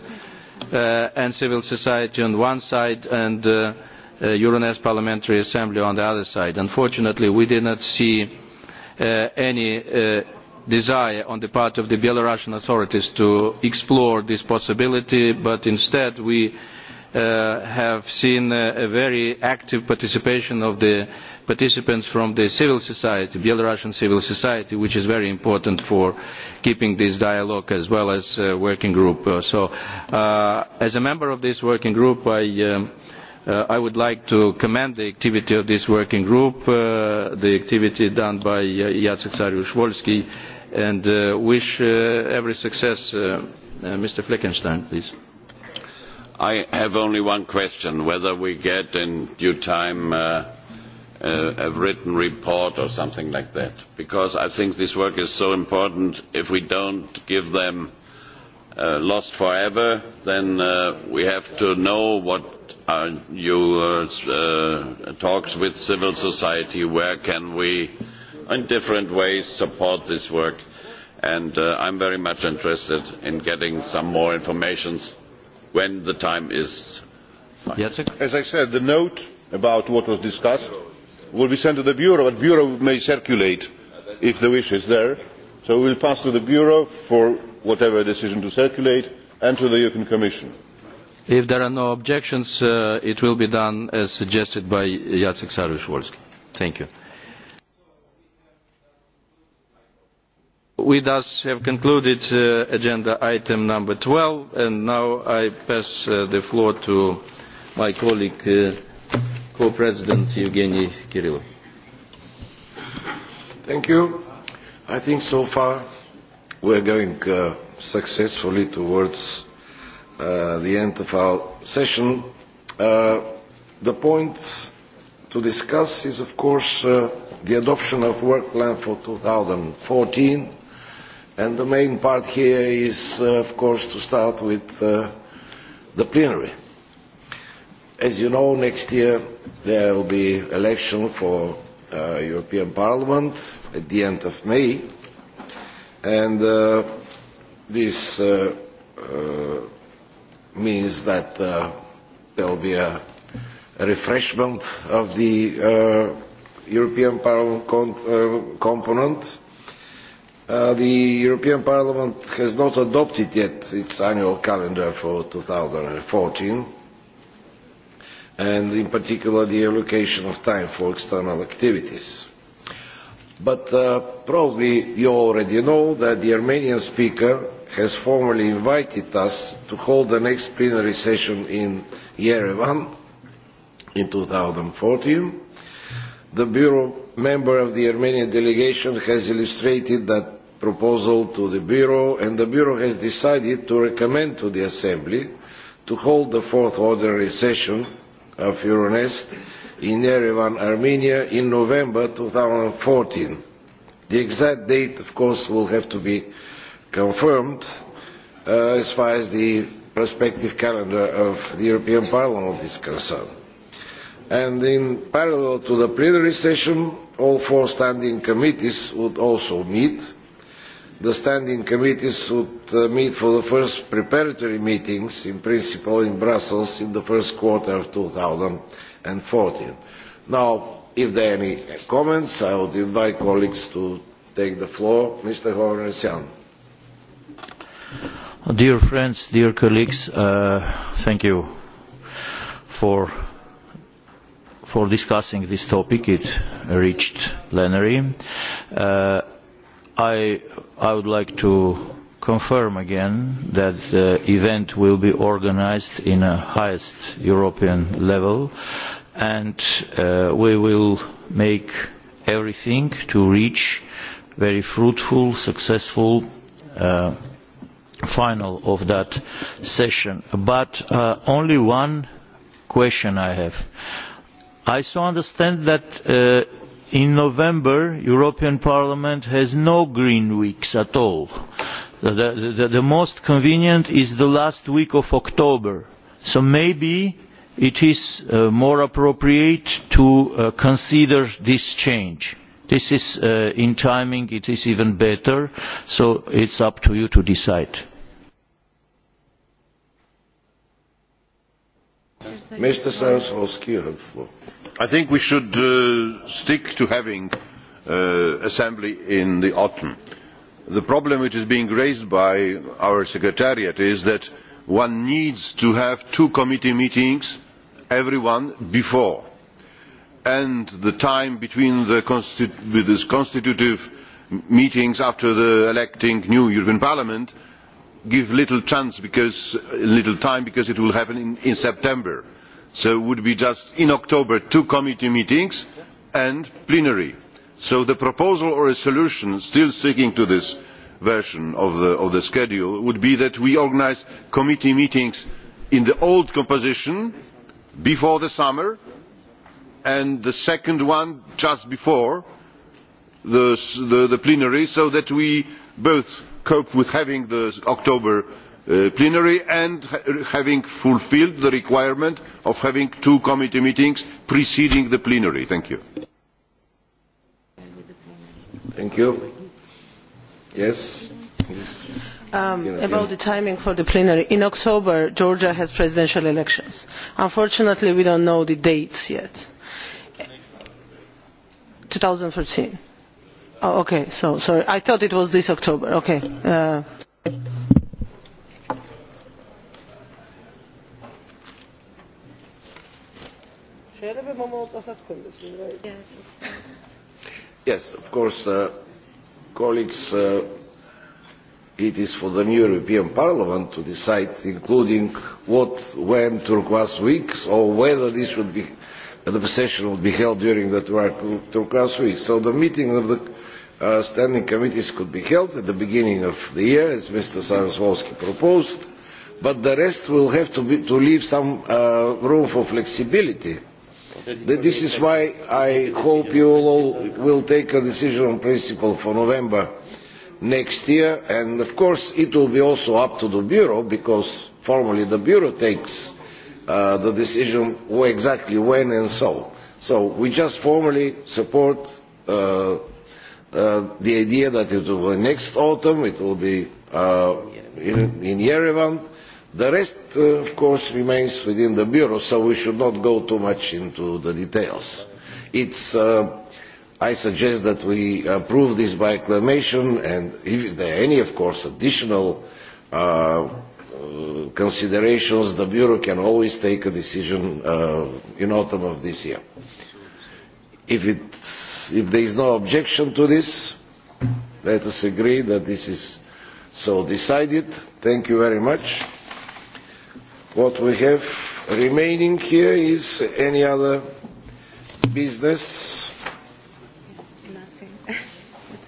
A: uh, and civil society on one side and uh, uh, Euronest Parliamentary Assembly on the other side. Unfortunately, we did not see uh, any uh, desire on the part of the Belarusian authorities to explore this possibility, but instead we uh, have seen uh, a very active participation of the participants from the civil society, Belarusian civil society, which is very important for keeping this dialogue as well as uh, working group. Uh, so, uh, as a member of this working group, I, um, uh, I would like to commend the activity of this working group, uh, the activity done by uh, Jacek Sariusz-Wolski, and uh, wish uh, every
R: success. Uh, uh, Mr. Fleckenstein, please. I have only one question, whether we get in due time uh, uh, a written report or something like that, because I think this work is so important. If we don't give them uh, lost forever, then uh, we have to know what are your uh, uh, talks with civil society, where can we, in different ways, support this work. And uh, I'm very much interested in getting some more information when the time is.
N: Fine. As I said, the note about what was discussed will be sent to the bureau and the bureau may circulate if the wish is there so it will pass to the bureau for whatever decision to circulate and to the european commission.
A: if there are no objections uh, it will be done as suggested by jacek saryusz-wolski. thank you. we thus have concluded uh, agenda item number 12 and now i pass uh, the floor to my colleague uh, Co-President Evgeny Kirillov.
K: Thank you. I think so far we're going uh, successfully towards uh, the end of our session. Uh, the point to discuss is, of course, uh, the adoption of work plan for 2014. And the main part here is, uh, of course, to start with uh, the plenary. Uh, As you know, next year there will be election for uh, European Parliament at the end of May, and uh, this uh, uh, means that uh, there will be a, a refreshment of the uh, European Parliament con- uh, component. Uh, the European Parliament has not adopted yet its annual calendar for 2014 and in particular the allocation of time for external activities. But uh, probably you already know that the Armenian speaker has formally invited us to hold the next plenary session in Yerevan in 2014. The Bureau member of the Armenian delegation has illustrated that proposal to the Bureau and the Bureau has decided to recommend to the Assembly to hold the fourth ordinary session of Euronest in Yerevan, Armenia in November 2014. The exact date, of course, will have to be confirmed uh, as far as the prospective calendar of the European Parliament is concerned. And in parallel to the plenary session, all four standing committees would also meet the standing committees would uh, meet for the first preparatory meetings in principle in Brussels in the first quarter of 2014. Now, if there are any comments, I would invite colleagues to take the floor. Mr. Hovnesian.
Q: Dear friends, dear colleagues, uh, thank you for for discussing this topic. It reached plenary. Uh, I, I would like to confirm again that the event will be organized in a highest European level and uh, we will make everything to reach very fruitful, successful uh, final of that session. But uh, only one question I have. I so understand that uh, in november the european parliament has no green weeks at all. The, the, the most convenient is the last week of october so maybe it is uh, more appropriate to uh, consider this change. This is uh, in timing, it is even better, so it's up to you to decide.
K: Mr.
N: Sansovsky, you have the floor i think we should uh, stick to having uh, assembly in the autumn. the problem which is being raised by our secretariat is that one needs to have two committee meetings every one before and the time between the constitu constitutive meetings after the electing new european parliament gives little, chance because, little time because it will happen in, in september so it would be just in october two committee meetings and plenary. so the proposal or a solution still sticking to this version of the, of the schedule would be that we organise committee meetings in the old composition before the summer and the second one just before the, the, the plenary so that we both cope with having the october Uh, plenary and having fulfilled the requirement of having two committee meetings preceding the plenary. thank you.
K: Thank you. Yes.
S: Um, about the timing for the plenary in october georgia has presidential elections. unfortunately we do not know the dates yet. two thousand and thirteen oh, okay so sorry i thought it was this october. okay. Uh, verder. We mogen ons als dat kunnen. Yes, of course.
K: Yes, of course, uh, colleagues. Uh, it is for the new European Parliament to decide, including what, when turquoise weeks, or whether this should be, the session would be held during the turquoise week. So the meeting of the uh, standing committees could be held at the beginning of the year, as Mr. Saraswalski proposed, but the rest will have to, be, to leave some uh, room for flexibility. Uh, This is why I hope you all will take a decision on principle for November next year. And of course, it will be also up to the Bureau, because formally the Bureau takes uh, the decision where exactly when and so. So we just formally support uh, uh, the idea that it will be next autumn, it will be uh, in, in Yerevan The rest, uh, of course, remains within the Bureau, so we should not go too much into the details. It's, uh, I suggest that we approve this by acclamation, and if there are any, of course, additional uh, uh, considerations, the Bureau can always take a decision uh, in autumn of this year. If, it, if there is no objection to this, let us agree that this is so decided. Thank you very much. What we have remaining here is any other business? Nothing.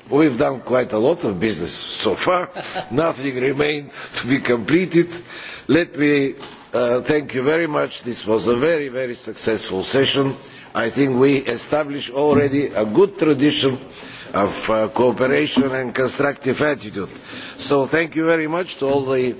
K: We've done quite a lot of business so far. Nothing remained to be completed. Let me uh, thank you very much. This was a very, very successful session. I think we established already a good tradition of uh, cooperation and constructive attitude. So thank you very much to all the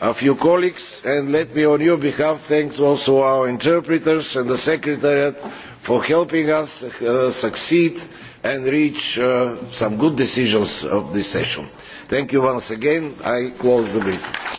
K: a few colleagues and let me on your behalf thank also our interpreters and the secretariat for helping us uh, succeed and reach uh, some good decisions of this session. thank you once again. i close the meeting.